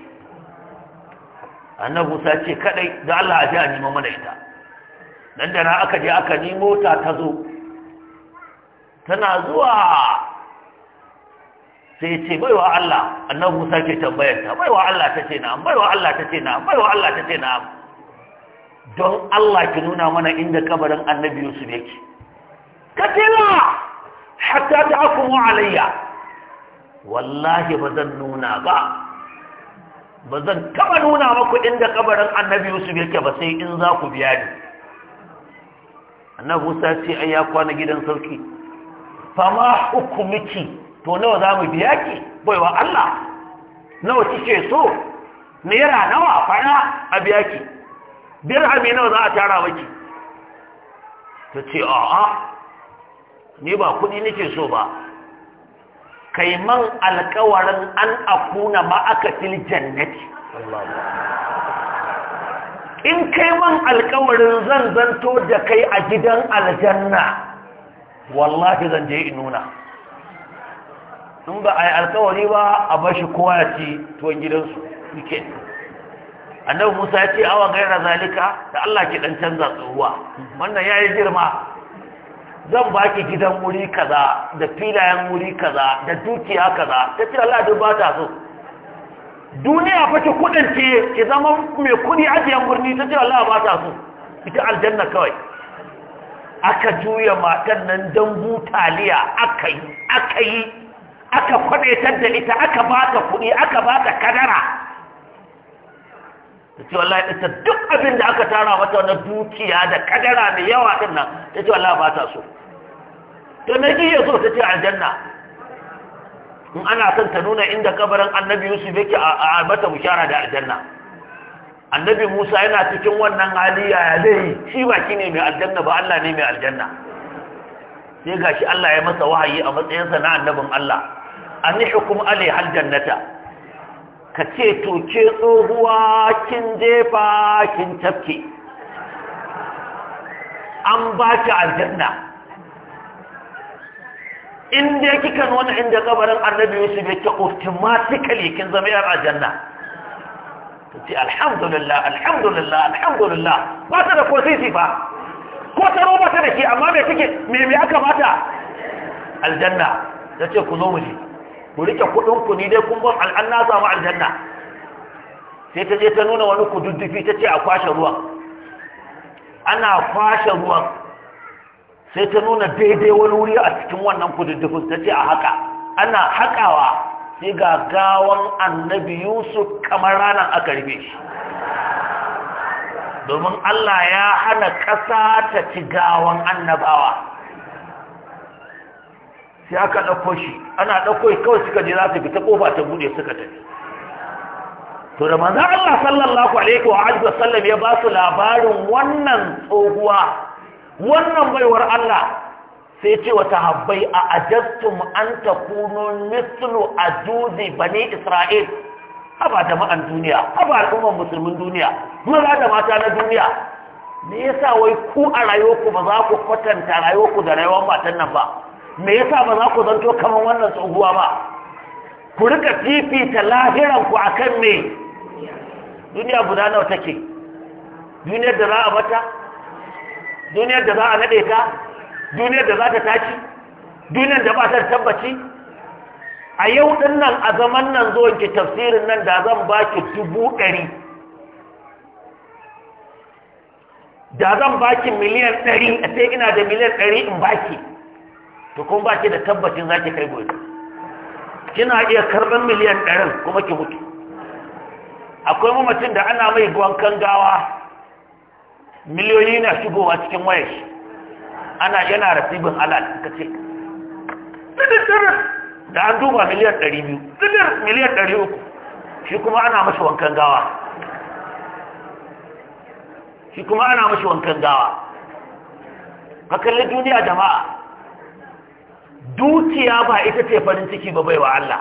annabi Musa ce kadai da Allah ya ji a mana ita dan da na aka je aka nemo ta ta zo tana zuwa sai ce baiwa Allah annabi Musa ke tambayar ta baiwa Allah ta ce na baiwa Allah ta ce na baiwa Allah ta ce na. don Allah ki nuna mana inda kabarin annabi Yusuf yake katila hatta ta'akumu alayya wallahi ba zan nuna ba ba zan kaba nuna maku inda kabarin annabi yusuf yake ba sai in za ku biya ni annabi musa ce ai ya kwana gidan sarki fama hukumiki to nawa za mu biya ki baiwa allah nawa kike so naira nawa fara a biya ki dirhami nawa za a tara maki ta ce a'a ni ba kuɗi nake so ba kai man alkawarin an akuna aka fil jannati in kai man alkawarin zan zanto da kai a gidan aljanna wallahi zan je inuna in ba a yi alkawari ba a bashi kowa ya ci tuwon gidansu wike annabi musa ya ce awa gaira zalika da allah ki dan canza tsohuwa wannan ya yi girma zan baki gidan wuri kaza da filayen wuri kaza da dukiya kaza ta ce Allah duk ba ta so duniya fa ki kudin ce ki zama mai kudi ajiyan birni ta ce Allah ba ta so ita aljanna kawai aka juya matan nan dan butaliya aka yi aka yi aka da ita aka baka kudi aka baka kadara ta ce wallahi ta duk abin da aka tara mata na dukiya da kadara mai yawa din nan ta ce wallahi ba ta so to me kike so ta ce aljanna in ana son ta nuna inda kabarin annabi yusuf yake a mata bushara da aljanna annabi musa yana cikin wannan hali yaya zai shi ba ne mai aljanna ba allah ne mai aljanna sai gashi allah ya masa wahayi a matsayinsa na annabin allah an hukum alai hal jannata ka ce to ke tsohuwa kin jefa kin tafke an ba ki aljanna in dai kika nuna inda kabarin annabi yusuf yake automatically kin zama yar aljanna ce alhamdulillah alhamdulillah alhamdulillah ba ta da ko sisi ba ko ta roba ta da shi amma me kike me mai aka mata aljanna ta ce ku zo mu je ku rike kuɗin ku ni dai kun bar al'anna samu aljanna sai ta je ta nuna wani kududdufi ta ce a kwashe ruwan ana kwashe ruwan sai ta nuna daidai wani wuri a cikin wannan kududdufin ta ce a haka ana hakawa sai ga gawan annabi yusuf kamar ranar aka rufe shi domin allah ya hana ƙasa ta ci gawan annabawa sai aka ɗauko shi ana ɗauko shi kawai suka je za su fita kofa ta buɗe suka ta to da manzo Allah sallallahu alaihi wa alihi wasallam ya ba su labarin wannan tsohuwa wannan baiwar Allah sai ce wa tahabbai a ajabtum an takunu mislu ajudi bani isra'il haba jama'an duniya haba al'umman musulmin duniya maza da mata na duniya me yasa wai ku a rayuwarku ba za ku kwatanta rayuwarku da rayuwar matan nan ba me yasa ba za ku zanto kamar wannan tsohuwa ba ku rika fifita lahiran ku akan me duniya guda nawa take duniyar da za a bata duniyar da za a nade ta duniyar da za ta tashi duniyar da ba ta tabbaci a yau din nan a zaman nan zuwan ki tafsirin nan da zan ba ki dubu ɗari da zan ba ki miliyan ɗari sai ina da miliyan ɗari in ba ki. to kuma ba ki da tabbacin za ki kai gobe kina iya karɓar miliyan ɗarin kuma ki mutu akwai mamacin da ana mai wankan gawa miliyoyi na shigowa cikin wayar shi ana yana rasibin alal ka ce da an duba miliyan ɗari biyu. miliyan uku shi kuma ana mashi wankan gawa shi kuma ana mashi wankan gawa makalli duniya jama'a dukiya ba ita ce farin ciki ba baiwa Allah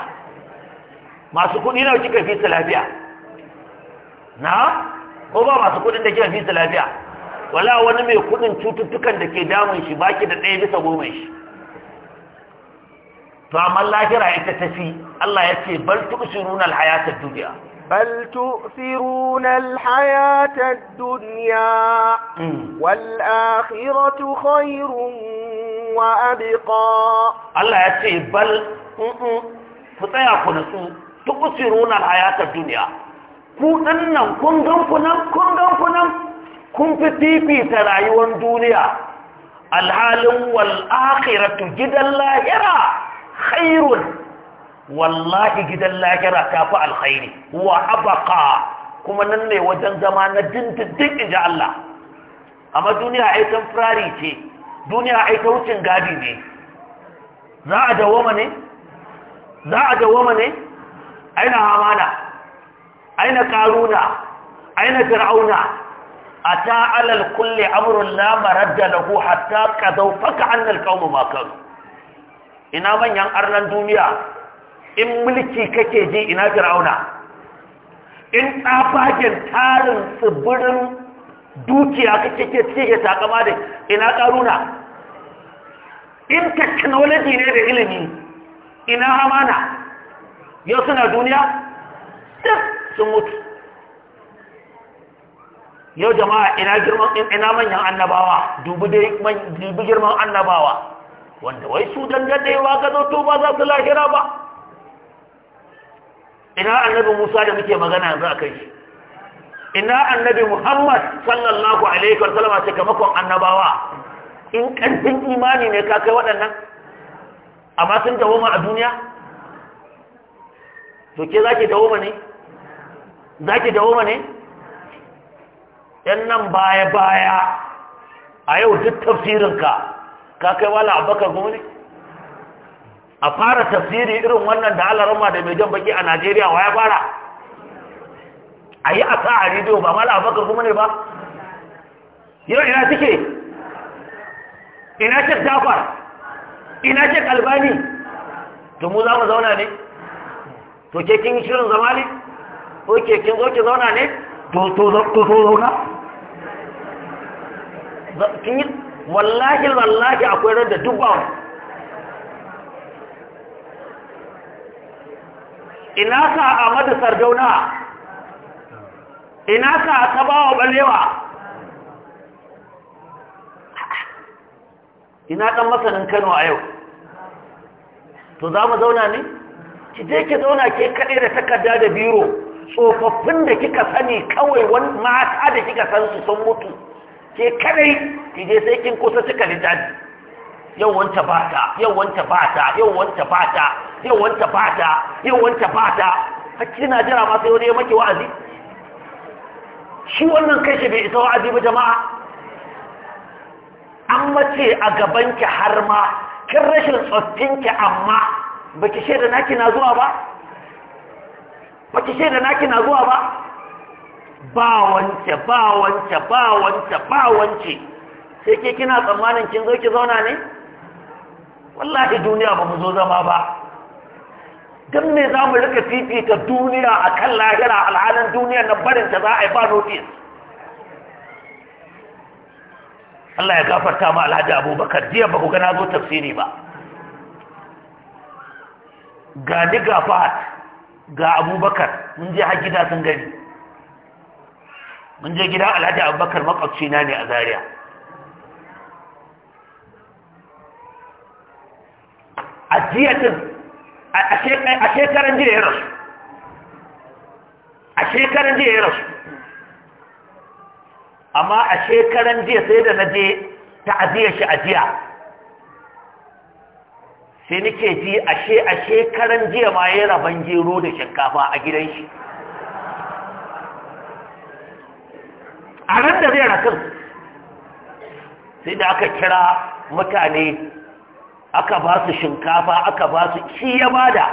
masu kuɗi nawa kika fi su lafiya na ko ba masu kuɗin da kika fi su lafiya wala wani mai kuɗin cututtukan da ke damun shi baki da ɗaya bisa goma shi to amma lahira ita tafi Allah ya ce bal tuqsiruna al-hayata ad-dunya بل تؤثرون الحياة الدنيا والآخرة خير وأبقى الله يتي بل فتايا كنسو تؤثرون الحياة الدنيا كن كونن كنن كونن كن kun fi fifita rayuwar الحال والآخرة جد الله يرى خير wallahi gidan lahira ta fi alkhairi wa abaka kuma nan ne wajen zama na dindindin in ji Allah amma duniya ai firari ce duniya ai ta wucin gadi ne za a dawoma ne za a dawoma ne aina hamana aina karuna aina fir'auna ata alal kulli amrun la maradda lahu hatta qadaw faka annal qawmu ma ina manyan arnan duniya in mulki kake ji ina fir'auna in tsafagen tarin tsibirin dukiya kake ke cike takama da ina karuna in technology ne da ilimi ina hamana yau suna duniya duk sun mutu yau jama'a ina girman ina manyan annabawa dubi dai dubi girman annabawa wanda wai su dangane wa ga to ba za su lahira ba ina annabi Musa da muke magana yanzu a shi ina annabi Muhammad sallallahu alaihi wa sallama kamakon annabawa in karfin imani ne ka kai waɗannan amma sun ma a duniya to ke zaki dawoma ne zaki dawoma ne yan nan baya baya a yau duk tafsirinka ka kai wala abakar gumi ne a fara tafsiri irin wannan da Allah rama da mai jan baki a Najeriya wa ya fara a yi a sa a rediyo ba mala abokan kuma ne ba yau ina suke ina shek jafar ina shek albani to mu za mu zauna ne to ke kin shirin zama ne ko ke kin zo ki zauna ne to to to zauna kin wallahi wallahi akwai rar da duk ba ina ka Ahmadu Sardauna ina ka Tabawa Balewa ina ɗan masanin Kano a yau to za mu zauna ne ki je ki zauna ke kaɗai da takarda da biro tsofaffin da kika sani kawai wani mata da kika san su sun mutu ke kaɗai ki je sai kin kusa cika littafi yau wanta ta, yau wanta ta, yau wanta ta. yau wanta fata yau wanta fata hakki na jira ma sai wani ya maki wa'azi shi wannan kashi bai isa wa'azi ba jama'a an mace a ki har ma kin rashin ki amma baki shaida naki na zuwa ba baki shaida naki na zuwa ba ba wance ba wance ba wance ba wance sai ke kina tsammanin kin zo ki zauna ne wallahi duniya ba mu zo zama ba don me za mu rika fifita duniya a kan lahira alhalin duniya nan barin ta za a yi ba notice Allah ya gafarta ma alhaji abubakar jiya ba ku gana zo tafsiri ba ga ni ga fahad ga abubakar mun je har gida sun gani mun je gida alhaji abubakar makwabci na ne a zaria a jiya din a shekaran jiya ya rasu a shekaran jiya ya rasu amma a shekaran jiya sai da na je ajiya shi a jiya sai nike ji a shekaran jiya ma ya raban gero da shinkafa a gidan shi a ran da zai rasu sai da aka kira mutane aka ba su shinkafa aka ba su shi ya bada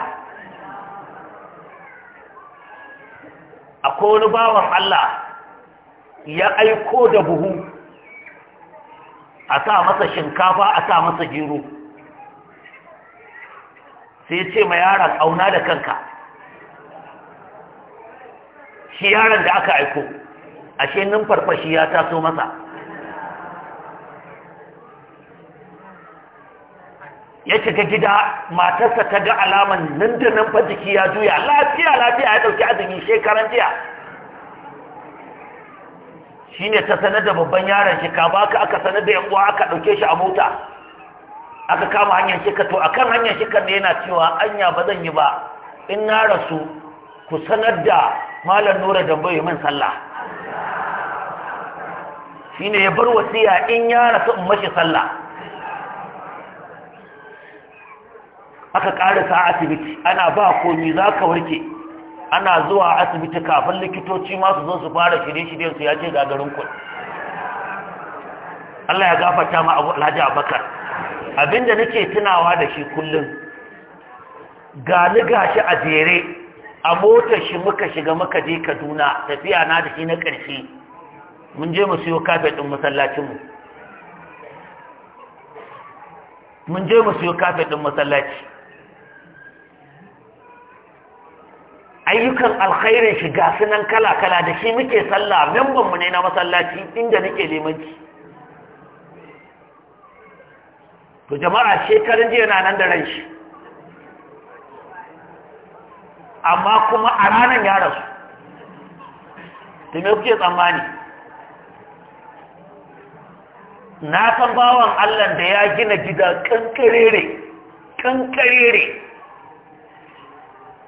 akwai wani bawan Allah ya aiko da buhu a sa masa shinkafa a sa masa gero sai ya ce ma yaran auna da kanka shi yaron da aka aiko ashe numfarfashi ya taso masa ya shiga gida matarsa ta ga alaman nan da nan fajiki ya juya lafiya lafiya ya dauki azumi shekaran jiya Shi ne ta sanar da babban yaron shi ka baka aka sanar da yankuwa aka ɗauke shi a mota aka kama hanyar shika to akan hanyar shika ne yana cewa anya ba zan yi ba in na rasu ku sanar da malam nura da bai min sallah Shi ne ya bar wasiya in ya rasu in mashi sallah aka karasa asibiti ana ba komi za ka warke ana zuwa asibiti kafin likitoci masu zo su fara shirye-shiryen su ya ce garin kun Allah ya gafarta ma abu alhaji abakar abinda nake tunawa da shi kullum gani gashi a jere a motar shi muka shiga muka je kaduna tafiya na da shi na ƙarshe mun je mu siyo kafet ɗin masallacinmu mun je mu siyo kafet ɗin masallaci ayyukan alkhairin shi ga sunan kala-kala da shi muke sallah mu ne na masallaci inda nake lemanci. to jama'a shekarun jiya na nan da ran shi amma kuma a ranar ya rasu ta kuke tsammani na san bawon allah da ya gina gida kankarere kankarere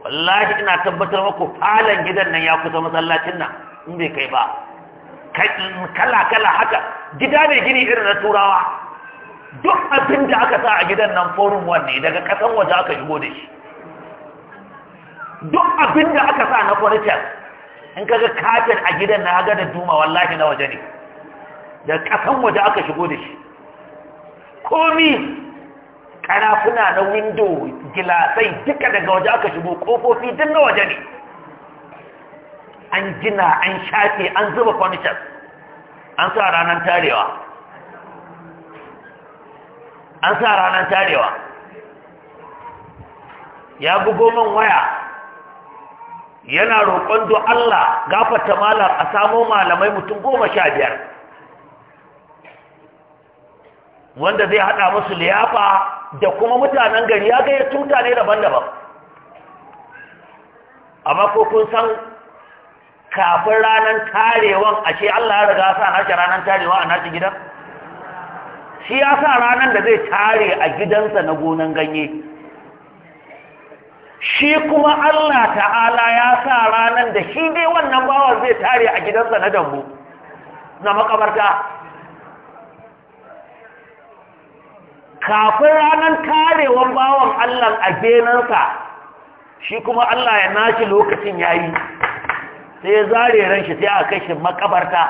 wallahi ina tabbatar maku falon gidan nan ya kusa masallacin nan in bai kai ba kala-kala haka gida ne gini irin na turawa duk abin da aka sa a gidan nan forum wanne daga kasan waje aka shigo da shi duk abin da aka sa na furniture in ka ga katin a gidan na ga da duma wallahi na waje ne Daga kasan waje aka shigo da shi komi karafuna na windo gilasai duka daga waje aka shigo kofofi duk na waje ne an gina an shafe an zuba furnitures an sa ranar tarewa an sa ranar tarewa ya bugo min waya yana roƙon do Allah gafarta malam a samo malamai mutum goma sha biyar wanda zai haɗa musu liyafa da kuma mutanen gari ya gaya tuta ne daban-daban amma ko kun san kafin ranar tarewan ce Allah ya riga sa nashi ranar tarewa a nashi gidan shi ya sa ranar da zai tare a gidansa na gonan ganye shi kuma Allah ta'ala ya sa ranar da shi dai wannan bawa zai tare a gidansa na dambu na makabarta kafin ranar karewar bawan Allah a genansa shi kuma Allah ya nashi lokacin ya yi, sai ya zare ran shi sai a kai shi makabarta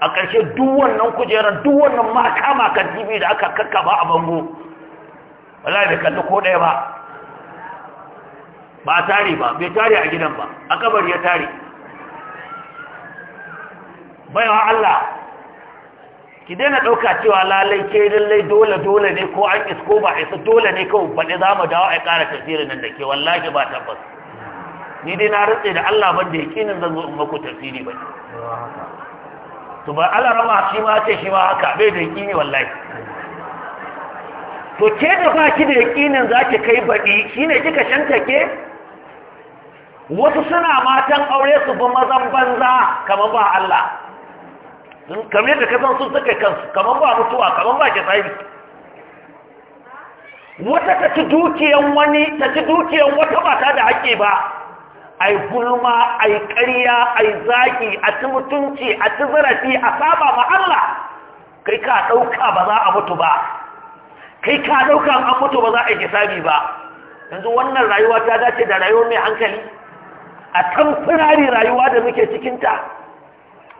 a ƙarshe duk wannan kujerar duk wannan makama kan TV da aka ba a bango wala da kalli ko ɗaya ba ba tare ba bai tare a gidan ba a kabar ya tare baiwa Allah ki daina ɗauka cewa lalai ke lallai dole dole ne ko an isko ba isa dole ne kawai baɗi za mu dawo a ƙara tafsirin nan da ke wallahi ba tabbas ni dai na rantsa da Allah ban da yakinin zan zo in maku tafsiri ba to ba Allah rama shi ma ce shi ma haka bai da ni wallahi to ke da ba ki da yakinin za ki kai baɗi shine kika shantake wasu suna matan aure su bi mazan banza kamar ba Allah kamar yadda kasan sun suka kansu kamar ba mutuwa kamar ba ke tsari wata ta ci dukiyan wani ta ci dukiyan wata mata da haƙƙi ba ai gulma ai ƙarya ai zaki a ci mutunci a ci zarafi a saba ma Allah kai ka ɗauka ba za a mutu ba kai ka ɗauka an mutu ba za a yi sabi ba yanzu wannan rayuwa ta dace da rayuwar mai hankali a tamfirari rayuwa da muke cikinta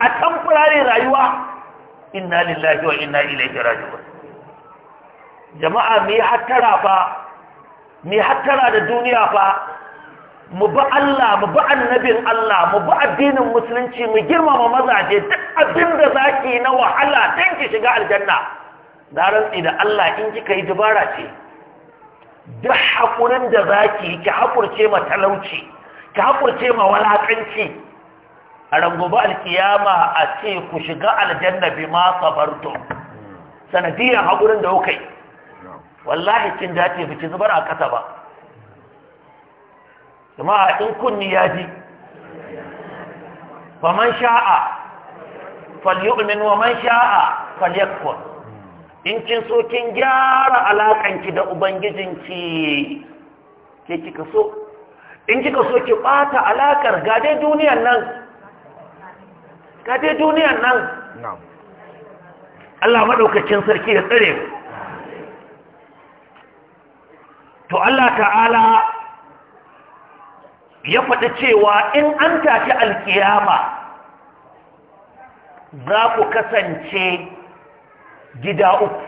a tamfurare rayuwa inna lillahi wa inna ilaihi raji'un jama'a mai hattara fa mai hattara da duniya fa mu bi Allah mu bi annabin Allah mu bi addinin musulunci mu girmama mazaje duk abinda da zaki na wahala dan ki shiga aljanna da rantsi da Allah in kika yi dubara ce duk hakurin da zaki ki hakurce ma talauci ki hakurce ma walakanci a rangobi alkiyama a ce ku shiga aljanna bi ma sabartum sanadiyan haƙurin da kuka yi wallahi kin dace biki zubar a kasa ba kuma in kunni ya ji man sha'a falyu'min wa man sha'a falyakfur in kin so kin gyara alakanki da ubangijinki ke kika so in kika so ki bata alakar ga dai duniyar nan ka je duniyar nan Allah maɗaukacin sarki ya tsare mu to Allah ta'ala ya faɗi cewa in an tafi alkiyama za ku kasance gida uku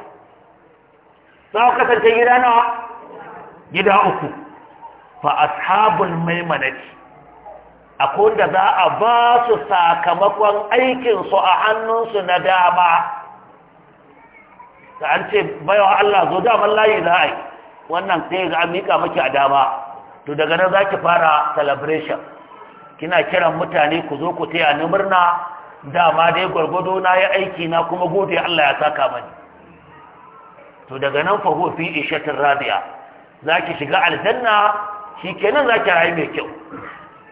za ku kasance gida nawa gida uku fa ashabul maimanati akwai da za a ba su sakamakon aikinsu a hannunsu na dama ta an ce baiwa Allah zo damar layi za a yi wannan sai ga mika maki a dama to daga nan za ki fara celebration kina kiran mutane ku zo ku taya ni murna dama dai gwargwado na ya aiki na kuma gode Allah ya saka mani to daga nan fa huwa fi ishatin za zaki shiga aljanna shikenan zaki rayu mai kyau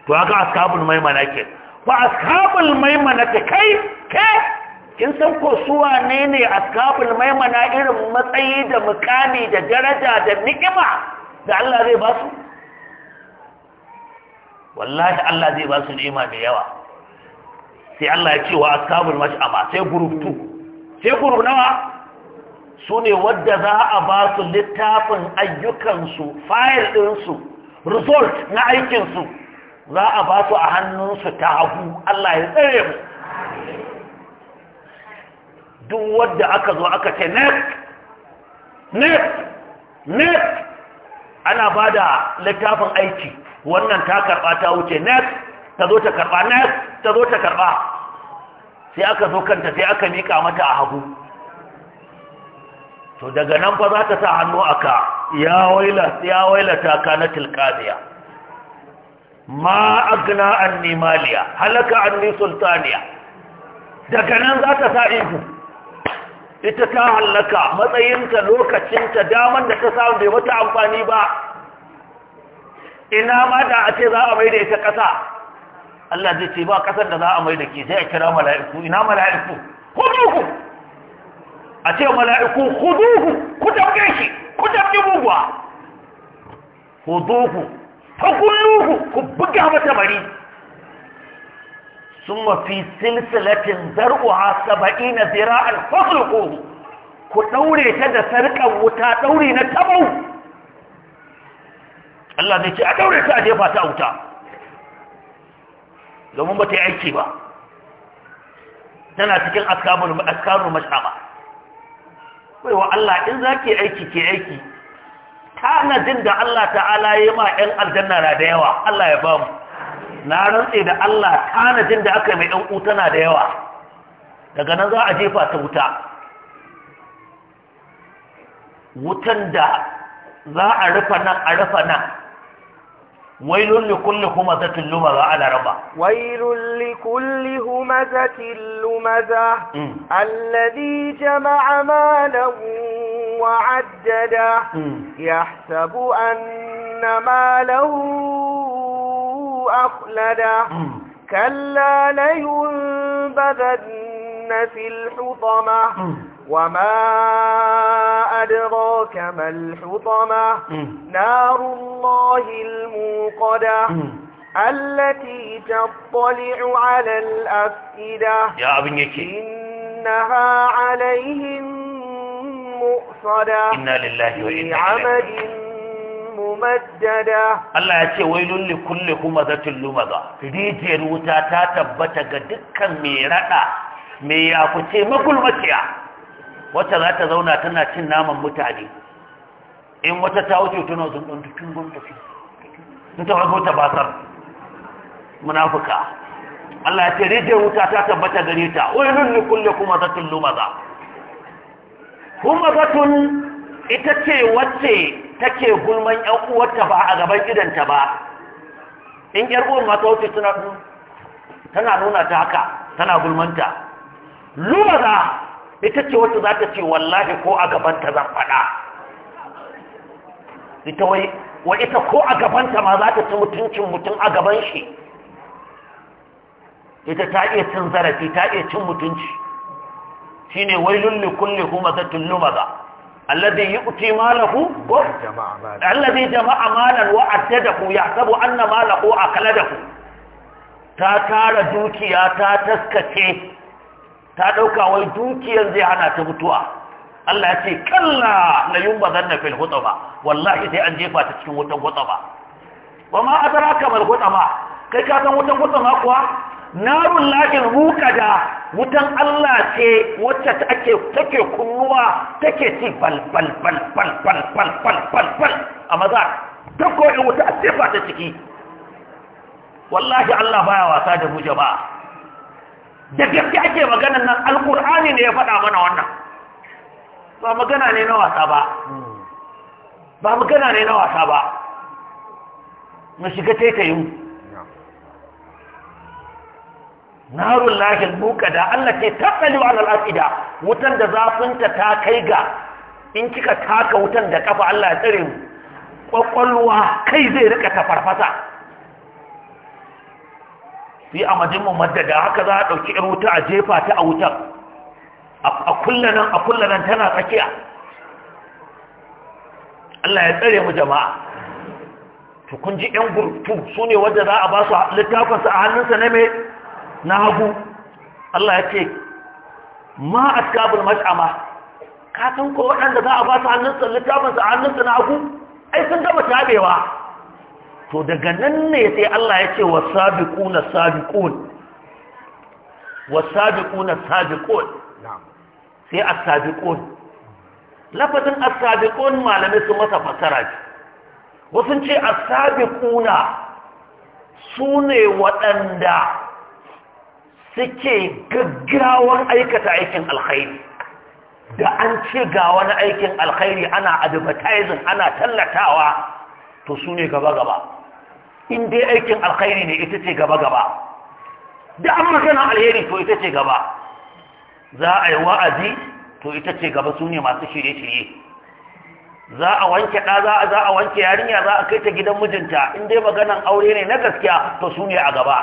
to haka ashabul maimana ke ba ashabul maimana ke kai ke kin san ko suwa ne ne ashabul maimana irin matsayi da mukami da daraja da ni'ima da Allah zai ba su wallahi Allah zai ba su ni'ima da yawa sai Allah ya ce wa ashabul mash'ama sai group 2 sai group nawa su ne wadda za a ba su littafin ayyukansu fayil ɗinsu result na aikinsu za a ba su a hannunsu ta hagu Allah ya tsere mu duk wadda aka zo aka ce next next next ana ba da littafin aiki wannan ta karɓa ta wuce next ta zo ta karɓa next ta zo ta karɓa sai aka zo kanta sai aka miƙa mata a hagu to daga nan fa za ta sa hannu aka ya wailata kana tilkaziya ma agna anni maliya halaka anni sultaniya daga nan za ta sa ihu ita ta halaka matsayinta lokacinta daman da ta samu bai mata amfani ba ina ma da a ce za a mai da ita ƙasa Allah zai ce ba ƙasar da za a mai da ke sai a kira mala'iku ina mala'iku hudu a ce mala'iku hudu ku tafi shi ku tafi buguwa hudu fakulluhu ku buga mata bari sun mafi silsilatin zar'uwa saba'i na zira'ar fasulku ku daure ta da sarƙar wuta daure na tabau Allah zai ce a daure ta a jefa ta wuta domin ba ta yi aiki ba tana cikin askarun mashaɓa wa Allah in za ke aiki ke aiki tanadin da Allah ta'ala ya ma 'yan aljanna na da yawa Allah ya bamu na rantse da Allah tanadin da aka mai 'yan uta na da yawa daga nan za a jefa ta wuta wutan da za a rufa nan a rufa nan ويل لكل همزة لمزة على ربا ويل لكل همزة لمزة الذي جمع مالا وعدده يحسب أن ماله أخلده كلا لينبذن في الحطمة وما أدراك ما الحطمة نار الله الموقدة التي تطلع على الأفئدة يا أبن إنها عليهم مؤصدة إنا لله وإنا إليه mumaddada Allah ya ce wailun li kulli humazatin lumaza rijiyar wuta ta tabbata ga dukkan mai rada mai yakuce wata za ta zauna tana cin naman mutane in wata ta wuce tuna zunɗun tukin gwamnati in ta wago ta basar munafuka Allah ya ce rijiyar wuta ta tabbata gare ta ulun li kulle kuma luma lumaza kuma tun ita ce wacce take gulman ƴan uwarta ba a gaban idanta ba in ƴar uwar mata wuce tana tana nuna ta haka tana gulmanta lumaza ita ce wacce za ta ce wallahi ko a gabanta zan faɗa wa ita ko a gabanta ma za ta ci mutuncin mutum a gaban shi ita ta iya cin zarafi ta iya cin mutunci shi ne wai shine wailul likulli humazatul lumaza alladhi yu'ti malahu wa alladhi jama'a malan wa addadahu a kala da aqladahu ta tara dukiya ta taskace ta ɗauka wai dukiyar zai hana ta mutuwa Allah ya ce kalla ba zan zanna fil ba. wallahi sai an jefa ta cikin wutan hutama wa ma adraka mal hutama kai ka san wutan hutama kuwa narun lahin da wutan Allah ce wacce take take kunnuwa take ci bal bal bal bal bal bal bal bal bal a maza ta koyi wuta a sefa ta ciki wallahi Allah baya wasa da mu jama'a da gaske ake maganan nan alkur'ani ne ya faɗa mana wannan ba magana ne na wasa ba ba magana ne na wasa ba mu shiga taitayin narun lahin da Allah ce taɓali wa al'asida wutan da zafinta ta kai ga in kika taka wutan da ƙafa Allah ya tsare ƙwaƙwalwa kai zai rika tafarfasa fi amadin madada, haka za a ɗauki ‘yar wuta a jefa ta a wutar a kullanan a kullanan tana tsakiya Allah ya tsare mu jama'a to kun ji ‘yan gurtu su ne wadda za a ba su littafinsa a hannunsa na mai na hagu Allah ya ce ma a skabul mash'ama ka san ko waɗanda za a ba su hannunsa littafinsa a hannunsa na hagu ai sun gama tabewa to daga nan ne sai Allah ya ce wasabiquna sabiqun wasabiquna sabiqun sai as-sabiqun lafazin as-sabiqun malamai su masa fasara ce wasu ce as-sabiquna sune waɗanda suke gaggawar aikata aikin alkhairi da an ce ga wani aikin alkhairi ana advertising ana tallatawa to su ne gaba-gaba in dai aikin alkhairi ne ita ce gaba gaba da amma alheri to ita ce gaba za a yi wa'azi to ita ce gaba su masu shirye-shirye za a wanke ɗa za a wanke yarinya za a kai ta gidan mijinta in dai maganan aure ne na gaskiya to sune a gaba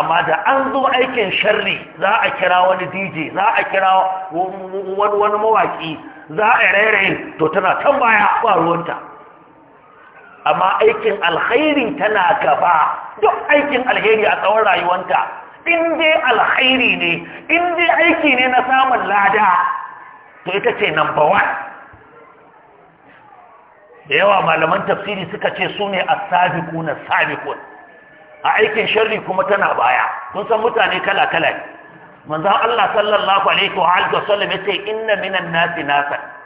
amma da an zo aikin sharri za a kira wani dj za a kira wani mawaki za a rairaye to tana can baya ba ruwanta amma aikin alkhairi tana gaba duk aikin alheri a tsawon rayuwanta in dai alkhairi ne in dai aiki ne na samun lada to ita ce number one da yawa malaman tafsiri suka ce su ne a sabiku na sabikun a aikin sharri kuma tana baya kun san mutane kala-kala ne manzan Allah sallallahu alaihi wa alihi wa ya ce inna minan nasi nasan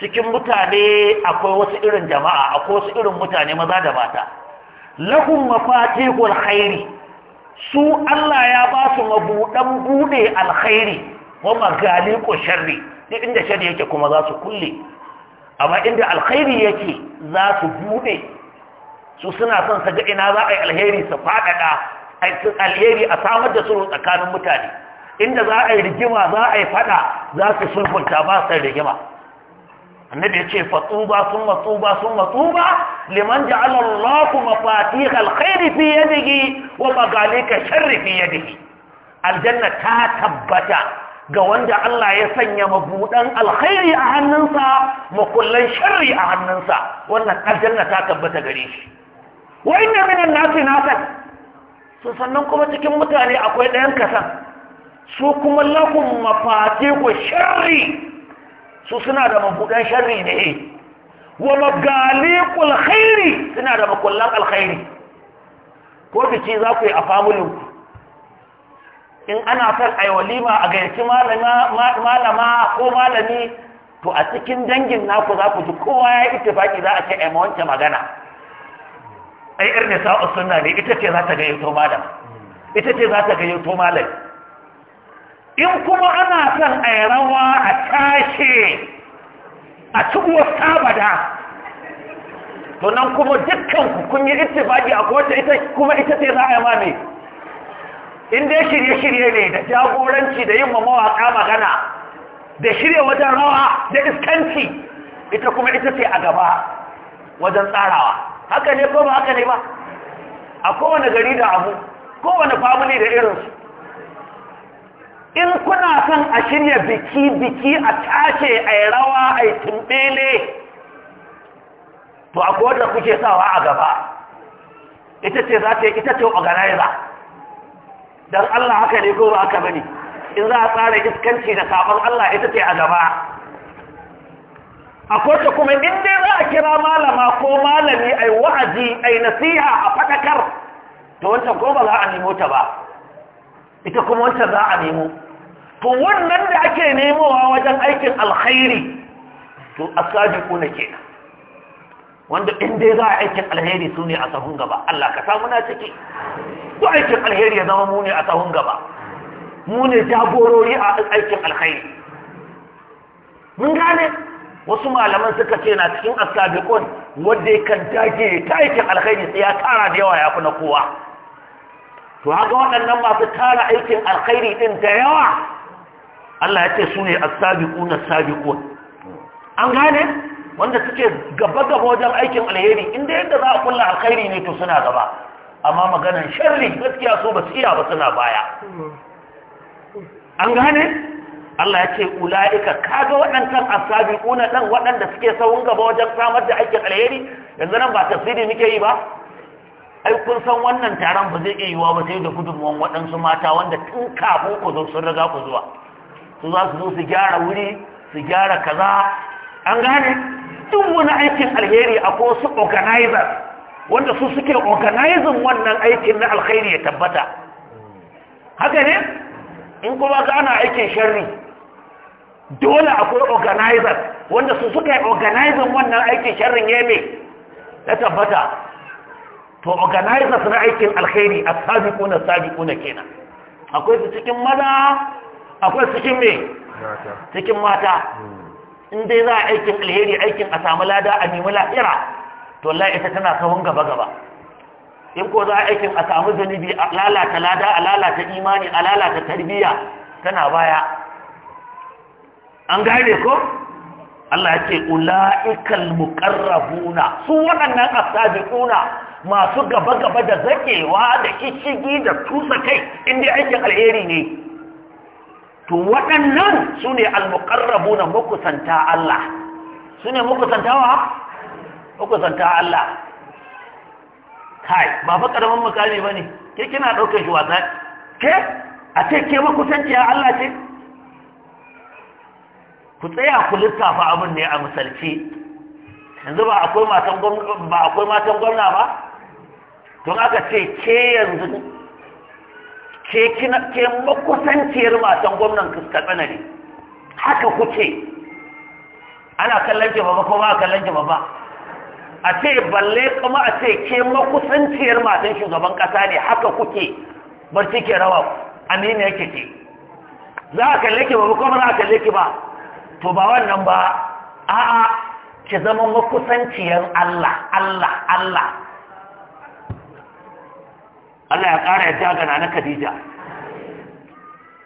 cikin mutane akwai wasu irin jama'a akwai wasu irin mutane maza da mata lahum mafatihul khairi su Allah ya ba su mabudan bude alkhairi wa magaliqu sharri duk inda sharri yake kuma za su kulle amma inda alkhairi yake za su bude su suna son su ga ina za a yi alheri su faɗaɗa alheri a samar da suru tsakanin mutane inda za a yi rigima za a yi faɗa za su sulhunta ba su rigima annabi ya ce fatuba sun matuba sun matuba liman ja'ala Allahu mafatih alkhairi fi yadihi wa magalika sharri fi yadihi aljanna ta tabbata ga wanda Allah ya sanya mabudan alkhairi a hannunsa makullan sharri a hannunsa wannan aljanna ta tabbata gare shi wa inna minan nasi nasan so sannan kuma cikin mutane akwai ɗayan kasan su kuma lahum mafatihu sharri su suna da mabuɗan sharri ne wa magali khairi suna da makullan alkhairi ko biki za ku yi a famulin in ana son ai walima a gayyaci malama ko malami to a cikin dangin naku za ku ji kowa ya yi tafaki za a ce ai wancan magana ai irin sa'us sunna ne ita ce za ta gayyato malam ita ce za ta gayyato malam in kuma ana son a yi rawa a tashe a cikin sabada nan kuma dukkan kun yi ittifaki a kowace ita kuma ita ce za a yi mame in ya shirye-shirye ne da jagoranci da yin mawaƙa magana da shirye wajen rawa da iskanci ita kuma ita ce a gaba wajen tsarawa haka ne ko ba haka ne ba a kowane gari da abu kowane famili da irinsu in kuna son a shirya biki-biki a tashe a rawa a tumbele to akwai wadda kuke sawa a gaba ita ce za ta yi ita ce organizer don Allah haka ne ko ba haka in za a tsara iskanci da sabon Allah ita ce a gaba a kowace kuma in dai za a kira malama ko malami ai wa'azi ai nasiha a fadakar to wancan ko ba za a nemo ta ba ita kuma wancan za a nemo to wannan da ake nemowa wajen aikin alkhairi to asabiqu na kenan wanda in dai za a aikin alheri su ne a sahun gaba Allah ka samu na ciki ko aikin alheri ya zama mu ne a sahun gaba mu ne jagorori a aikin alheri mun gane wasu malaman suka ce na cikin asabiqun wanda kan dage ta aikin alheri sai ya tsara da yawa ya kuna kowa to haka waɗannan masu tara aikin alkhairi ɗin da yawa Allah ya ce su ne asabiku na sabiku an gane wanda suke gaba gaba wajen aikin alheri inda yadda za a kulla alkhairi ne to suna gaba amma maganar sharri gaskiya so ba su ba suna baya an gane Allah ya ce ula'ika kaga waɗancan na dan waɗanda suke sawun gaba wajen samar da aikin alheri yanzu nan ba tafsiri muke yi ba ai kun san wannan taron ba zai iya yiwa ba sai da gudunmuwan waɗansu mata wanda tun kafin ku zo sun riga ku zuwa su za su zo su gyara wuri su gyara kaza an gane duk wani aikin alheri akwai wasu organizer wanda su suke organizing wannan aikin na alheri ya tabbata haka ne in kuma ga ana aikin sharri dole akwai organizer wanda su suka yi organizing wannan aikin sharrin ya ne ya tabbata to organize na aikin alkhairi a sabiƙuna sabiƙuna kenan akwai su cikin maza akwai cikin mai cikin mata hmm. in dai za a aikin alheri aikin a samu lada a nemi lahira to la ita tana sahun gaba gaba in ko za a aikin a samu zunubi a lalata lada a lalata imani a lalata tarbiyya tana baya an gane ko Allah ya ce ula'ikal muqarrabuna su waɗannan asabiquna masu gaba-gaba da zakewa da kishigi da tusa kai inda aikin alheri ne to waɗannan su ne almuƙarrabu na Allah su ne makusantawa? Mukusanta Allah kai ba fa ƙaramin makami ba ne ke kina dauke shi wasa ke a ce ke makusanciya Allah ce ku tsaya ku littafa abin ne a misalci yanzu ba akwai matan gwamna ba akwai matan gwamna ba don aka ce ke yanzu ke kina ke makusanciyar matan gwamnan katsina ne haka ce. ana kallon ki baba ko ba kallon ki baba a ce balle kuma a ce ke makusanciyar matan shugaban kasa ne haka kuke barci ke rawa amina yake ce za a kalle ki baba ko ba za a kalle ki ba to ba wannan ba a'a ki zama makusanciyar Allah Allah Allah Allah ya ƙara ya ga Nana Khadija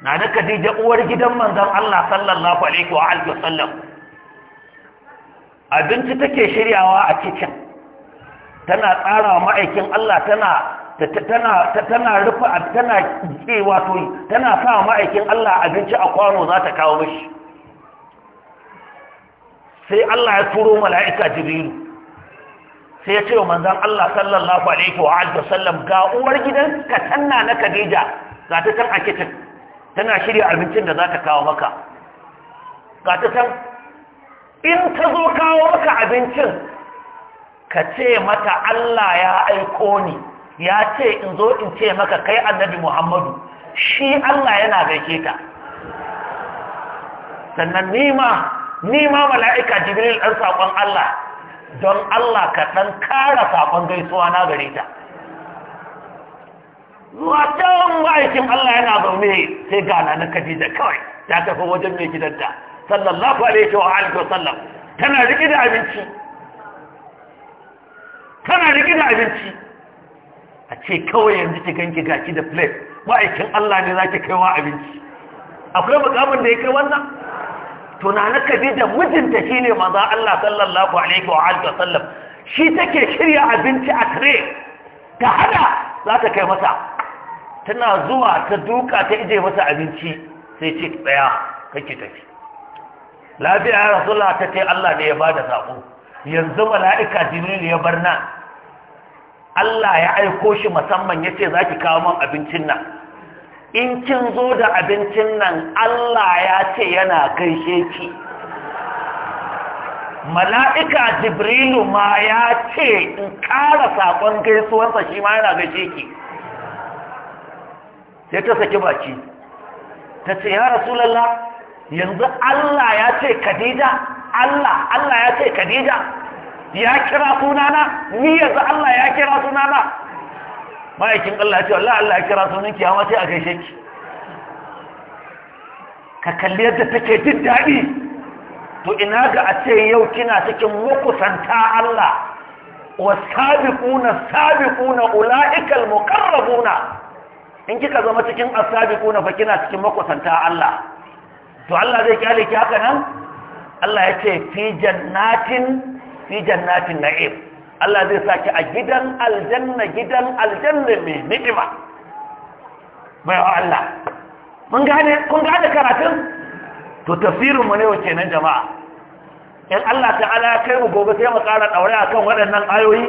Nana Khadija uwar gidan manzon Allah sallallahu alaihi wa alihi wasallam abinci take shiryawa a kitchen tana tsara wa ma'aikin Allah tana tana tana rufa tana ce eh, wato tana sa ma'aikin Allah abinci a kwano za ta kawo mishi sai Allah ya turo mala'ika jibrilu sai ya ce wa manzan Allah sallallahu alaihi wa alihi ga uwar gidan ka tanna na Khadija Ga ta can a kitchen tana shirya abincin da za ta kawo maka ga ta can in ta zo kawo maka abincin ka ce mata Allah ya aiko ni ya ce in zo in ce maka kai annabi Muhammadu shi Allah yana gaike ta sannan nima ni ma mala'ika jibril ɗan saƙon Allah don Allah ka ɗan ƙara saƙon gaisuwa na gare ta zuwa can ma'aikin Allah yana zaune sai gana na Khadija kawai ta tafi wajen mai gidanta sallallahu alaihi wa wa sallam, tana riƙe da abinci tana riƙe da abinci a ce kawai yanzu ki ganki gaci da plate ma'aikin Allah ne za ki kai wa abinci akwai mukamin da ya kai wannan Tunanin Khadija mijinta ne maza Allah sallallahu alaihi wa alihi wasallam shi take shirya abinci a tare ta hada za ta kai masa tana zuwa ta duka ta ije masa abinci sai ce tsaya kake tafi lafiya ya rasulullah ta ce Allah ne ya bada sako yanzu mala'ika jibril ya bar nan Allah ya aiko shi musamman ya za zaki kawo min abincin nan in kin zo da abincin nan Allah ya ce yana gaishe ki mala'ika jibrilu ma ya ce in ƙara saƙon gaisuwansa shi ma yana gaishe ki sai ta saki baki ta ce ya rasulallah yanzu Allah ya ce kadija Allah Allah ya ce kadija ya kira sunana ni yanzu Allah ya kira sunana ma'aikin Allah ya ce wallahi Allah ya kira sunan kiyama sai a gaishe ki ka kalli yadda take jin daɗi to ina ga a ce yau kina cikin makusanta Allah wasabiquna sabiquna ulaiikal muqarrabuna in kika zama cikin asabiquna fa kina cikin makusanta Allah to Allah zai kyale ki haka nan Allah ya ce fi jannatin fi jannatin na'im Allah zai saki a gidan aljanna gidan aljanna mai ni'ima Mai wa Allah mun gane kun gane karatun to tafsirin mu ne wa kenan jama'a in Allah ta'ala ya kai mu gobe sai mu ƙara daure akan waɗannan ayoyi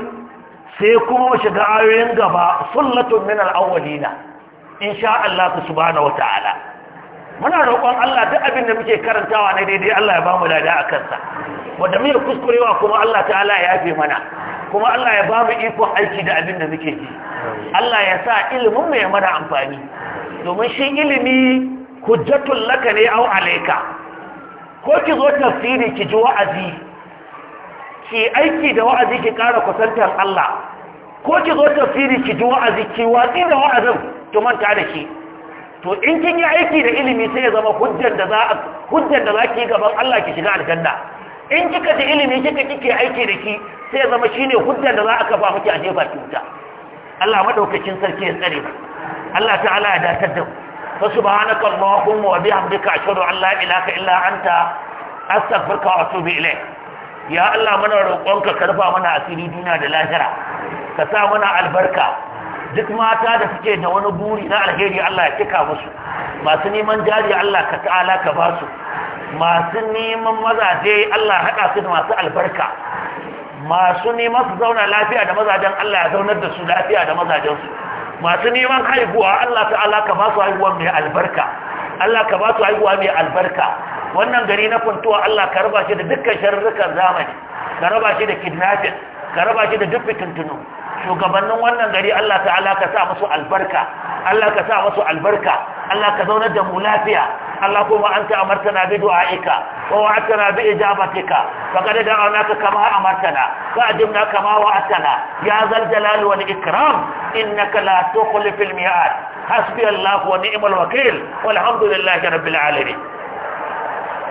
sai kuma mu shiga ayoyin gaba sunnatun min al-awwalina insha Allah subhanahu wa ta'ala muna roƙon Allah duk abin da muke karantawa na daidai Allah ya ba mu lada a kansa wanda muke kuskurewa kuma Allah ta'ala ya yafe mana kuma Allah ya ba mu ikon aiki da abin da muke ji Allah ya sa ilimin mu ya mana amfani domin shi ilimi hujjatul laka ne au alayka ko ki zo tafsiri ki ji wa'azi ki aiki da wa'azi ki ƙara kusantar Allah ko ki zo tafsiri ki ji wa'azi ki watsi da wa'azin ki manta da shi to in kin yi aiki da ilimi sai ya zama hujjar da za hujjar da gaban Allah ki shiga aljanna in kika ji ilimi kika kike aiki da ki sai ya zama shine hujjar da za a kafa miki a jefa ki wuta Allah madaukakin sarki ya tsare mu Allah ta'ala ya datar da mu fa subhanaka allahumma wa bihamdika ashhadu an la ilaha illa anta astaghfiruka wa atubu ilayk ya Allah muna roƙonka karfa mana asiri duniya da lahira ka sa mana albarka duk mata da suke da wani buri na alheri Allah ya cika musu masu neman jari Allah ka ta'ala ka ba su masu neman mazaje Allah haɗa su da masu albarka masu neman su zauna lafiya da mazajen Allah ya zaunar da su lafiya da mazajen su masu neman haihuwa Allah ta'ala ka ba su haihuwa mai albarka Allah ka ba su haihuwa mai albarka wannan gari na kuntuwa Allah ka raba shi da dukkan sharrukan zamani ka raba shi da kidnapping ka raba shi da duk fitintunu shugabannin wannan gari Allah ta'ala ka sa musu albarka Allah ka sa musu albarka Allah ka zaunar da mu lafiya Allah kuma an ta amartana bi du'aika wa wa'atana bi ijabatika faqad da'anaka kama amartana fa ajibna kama wa'atana ya zal jalal wal ikram innaka la tukhlifil mi'ad hasbi Allah wa ni'mal wakeel walhamdulillahi rabbil alamin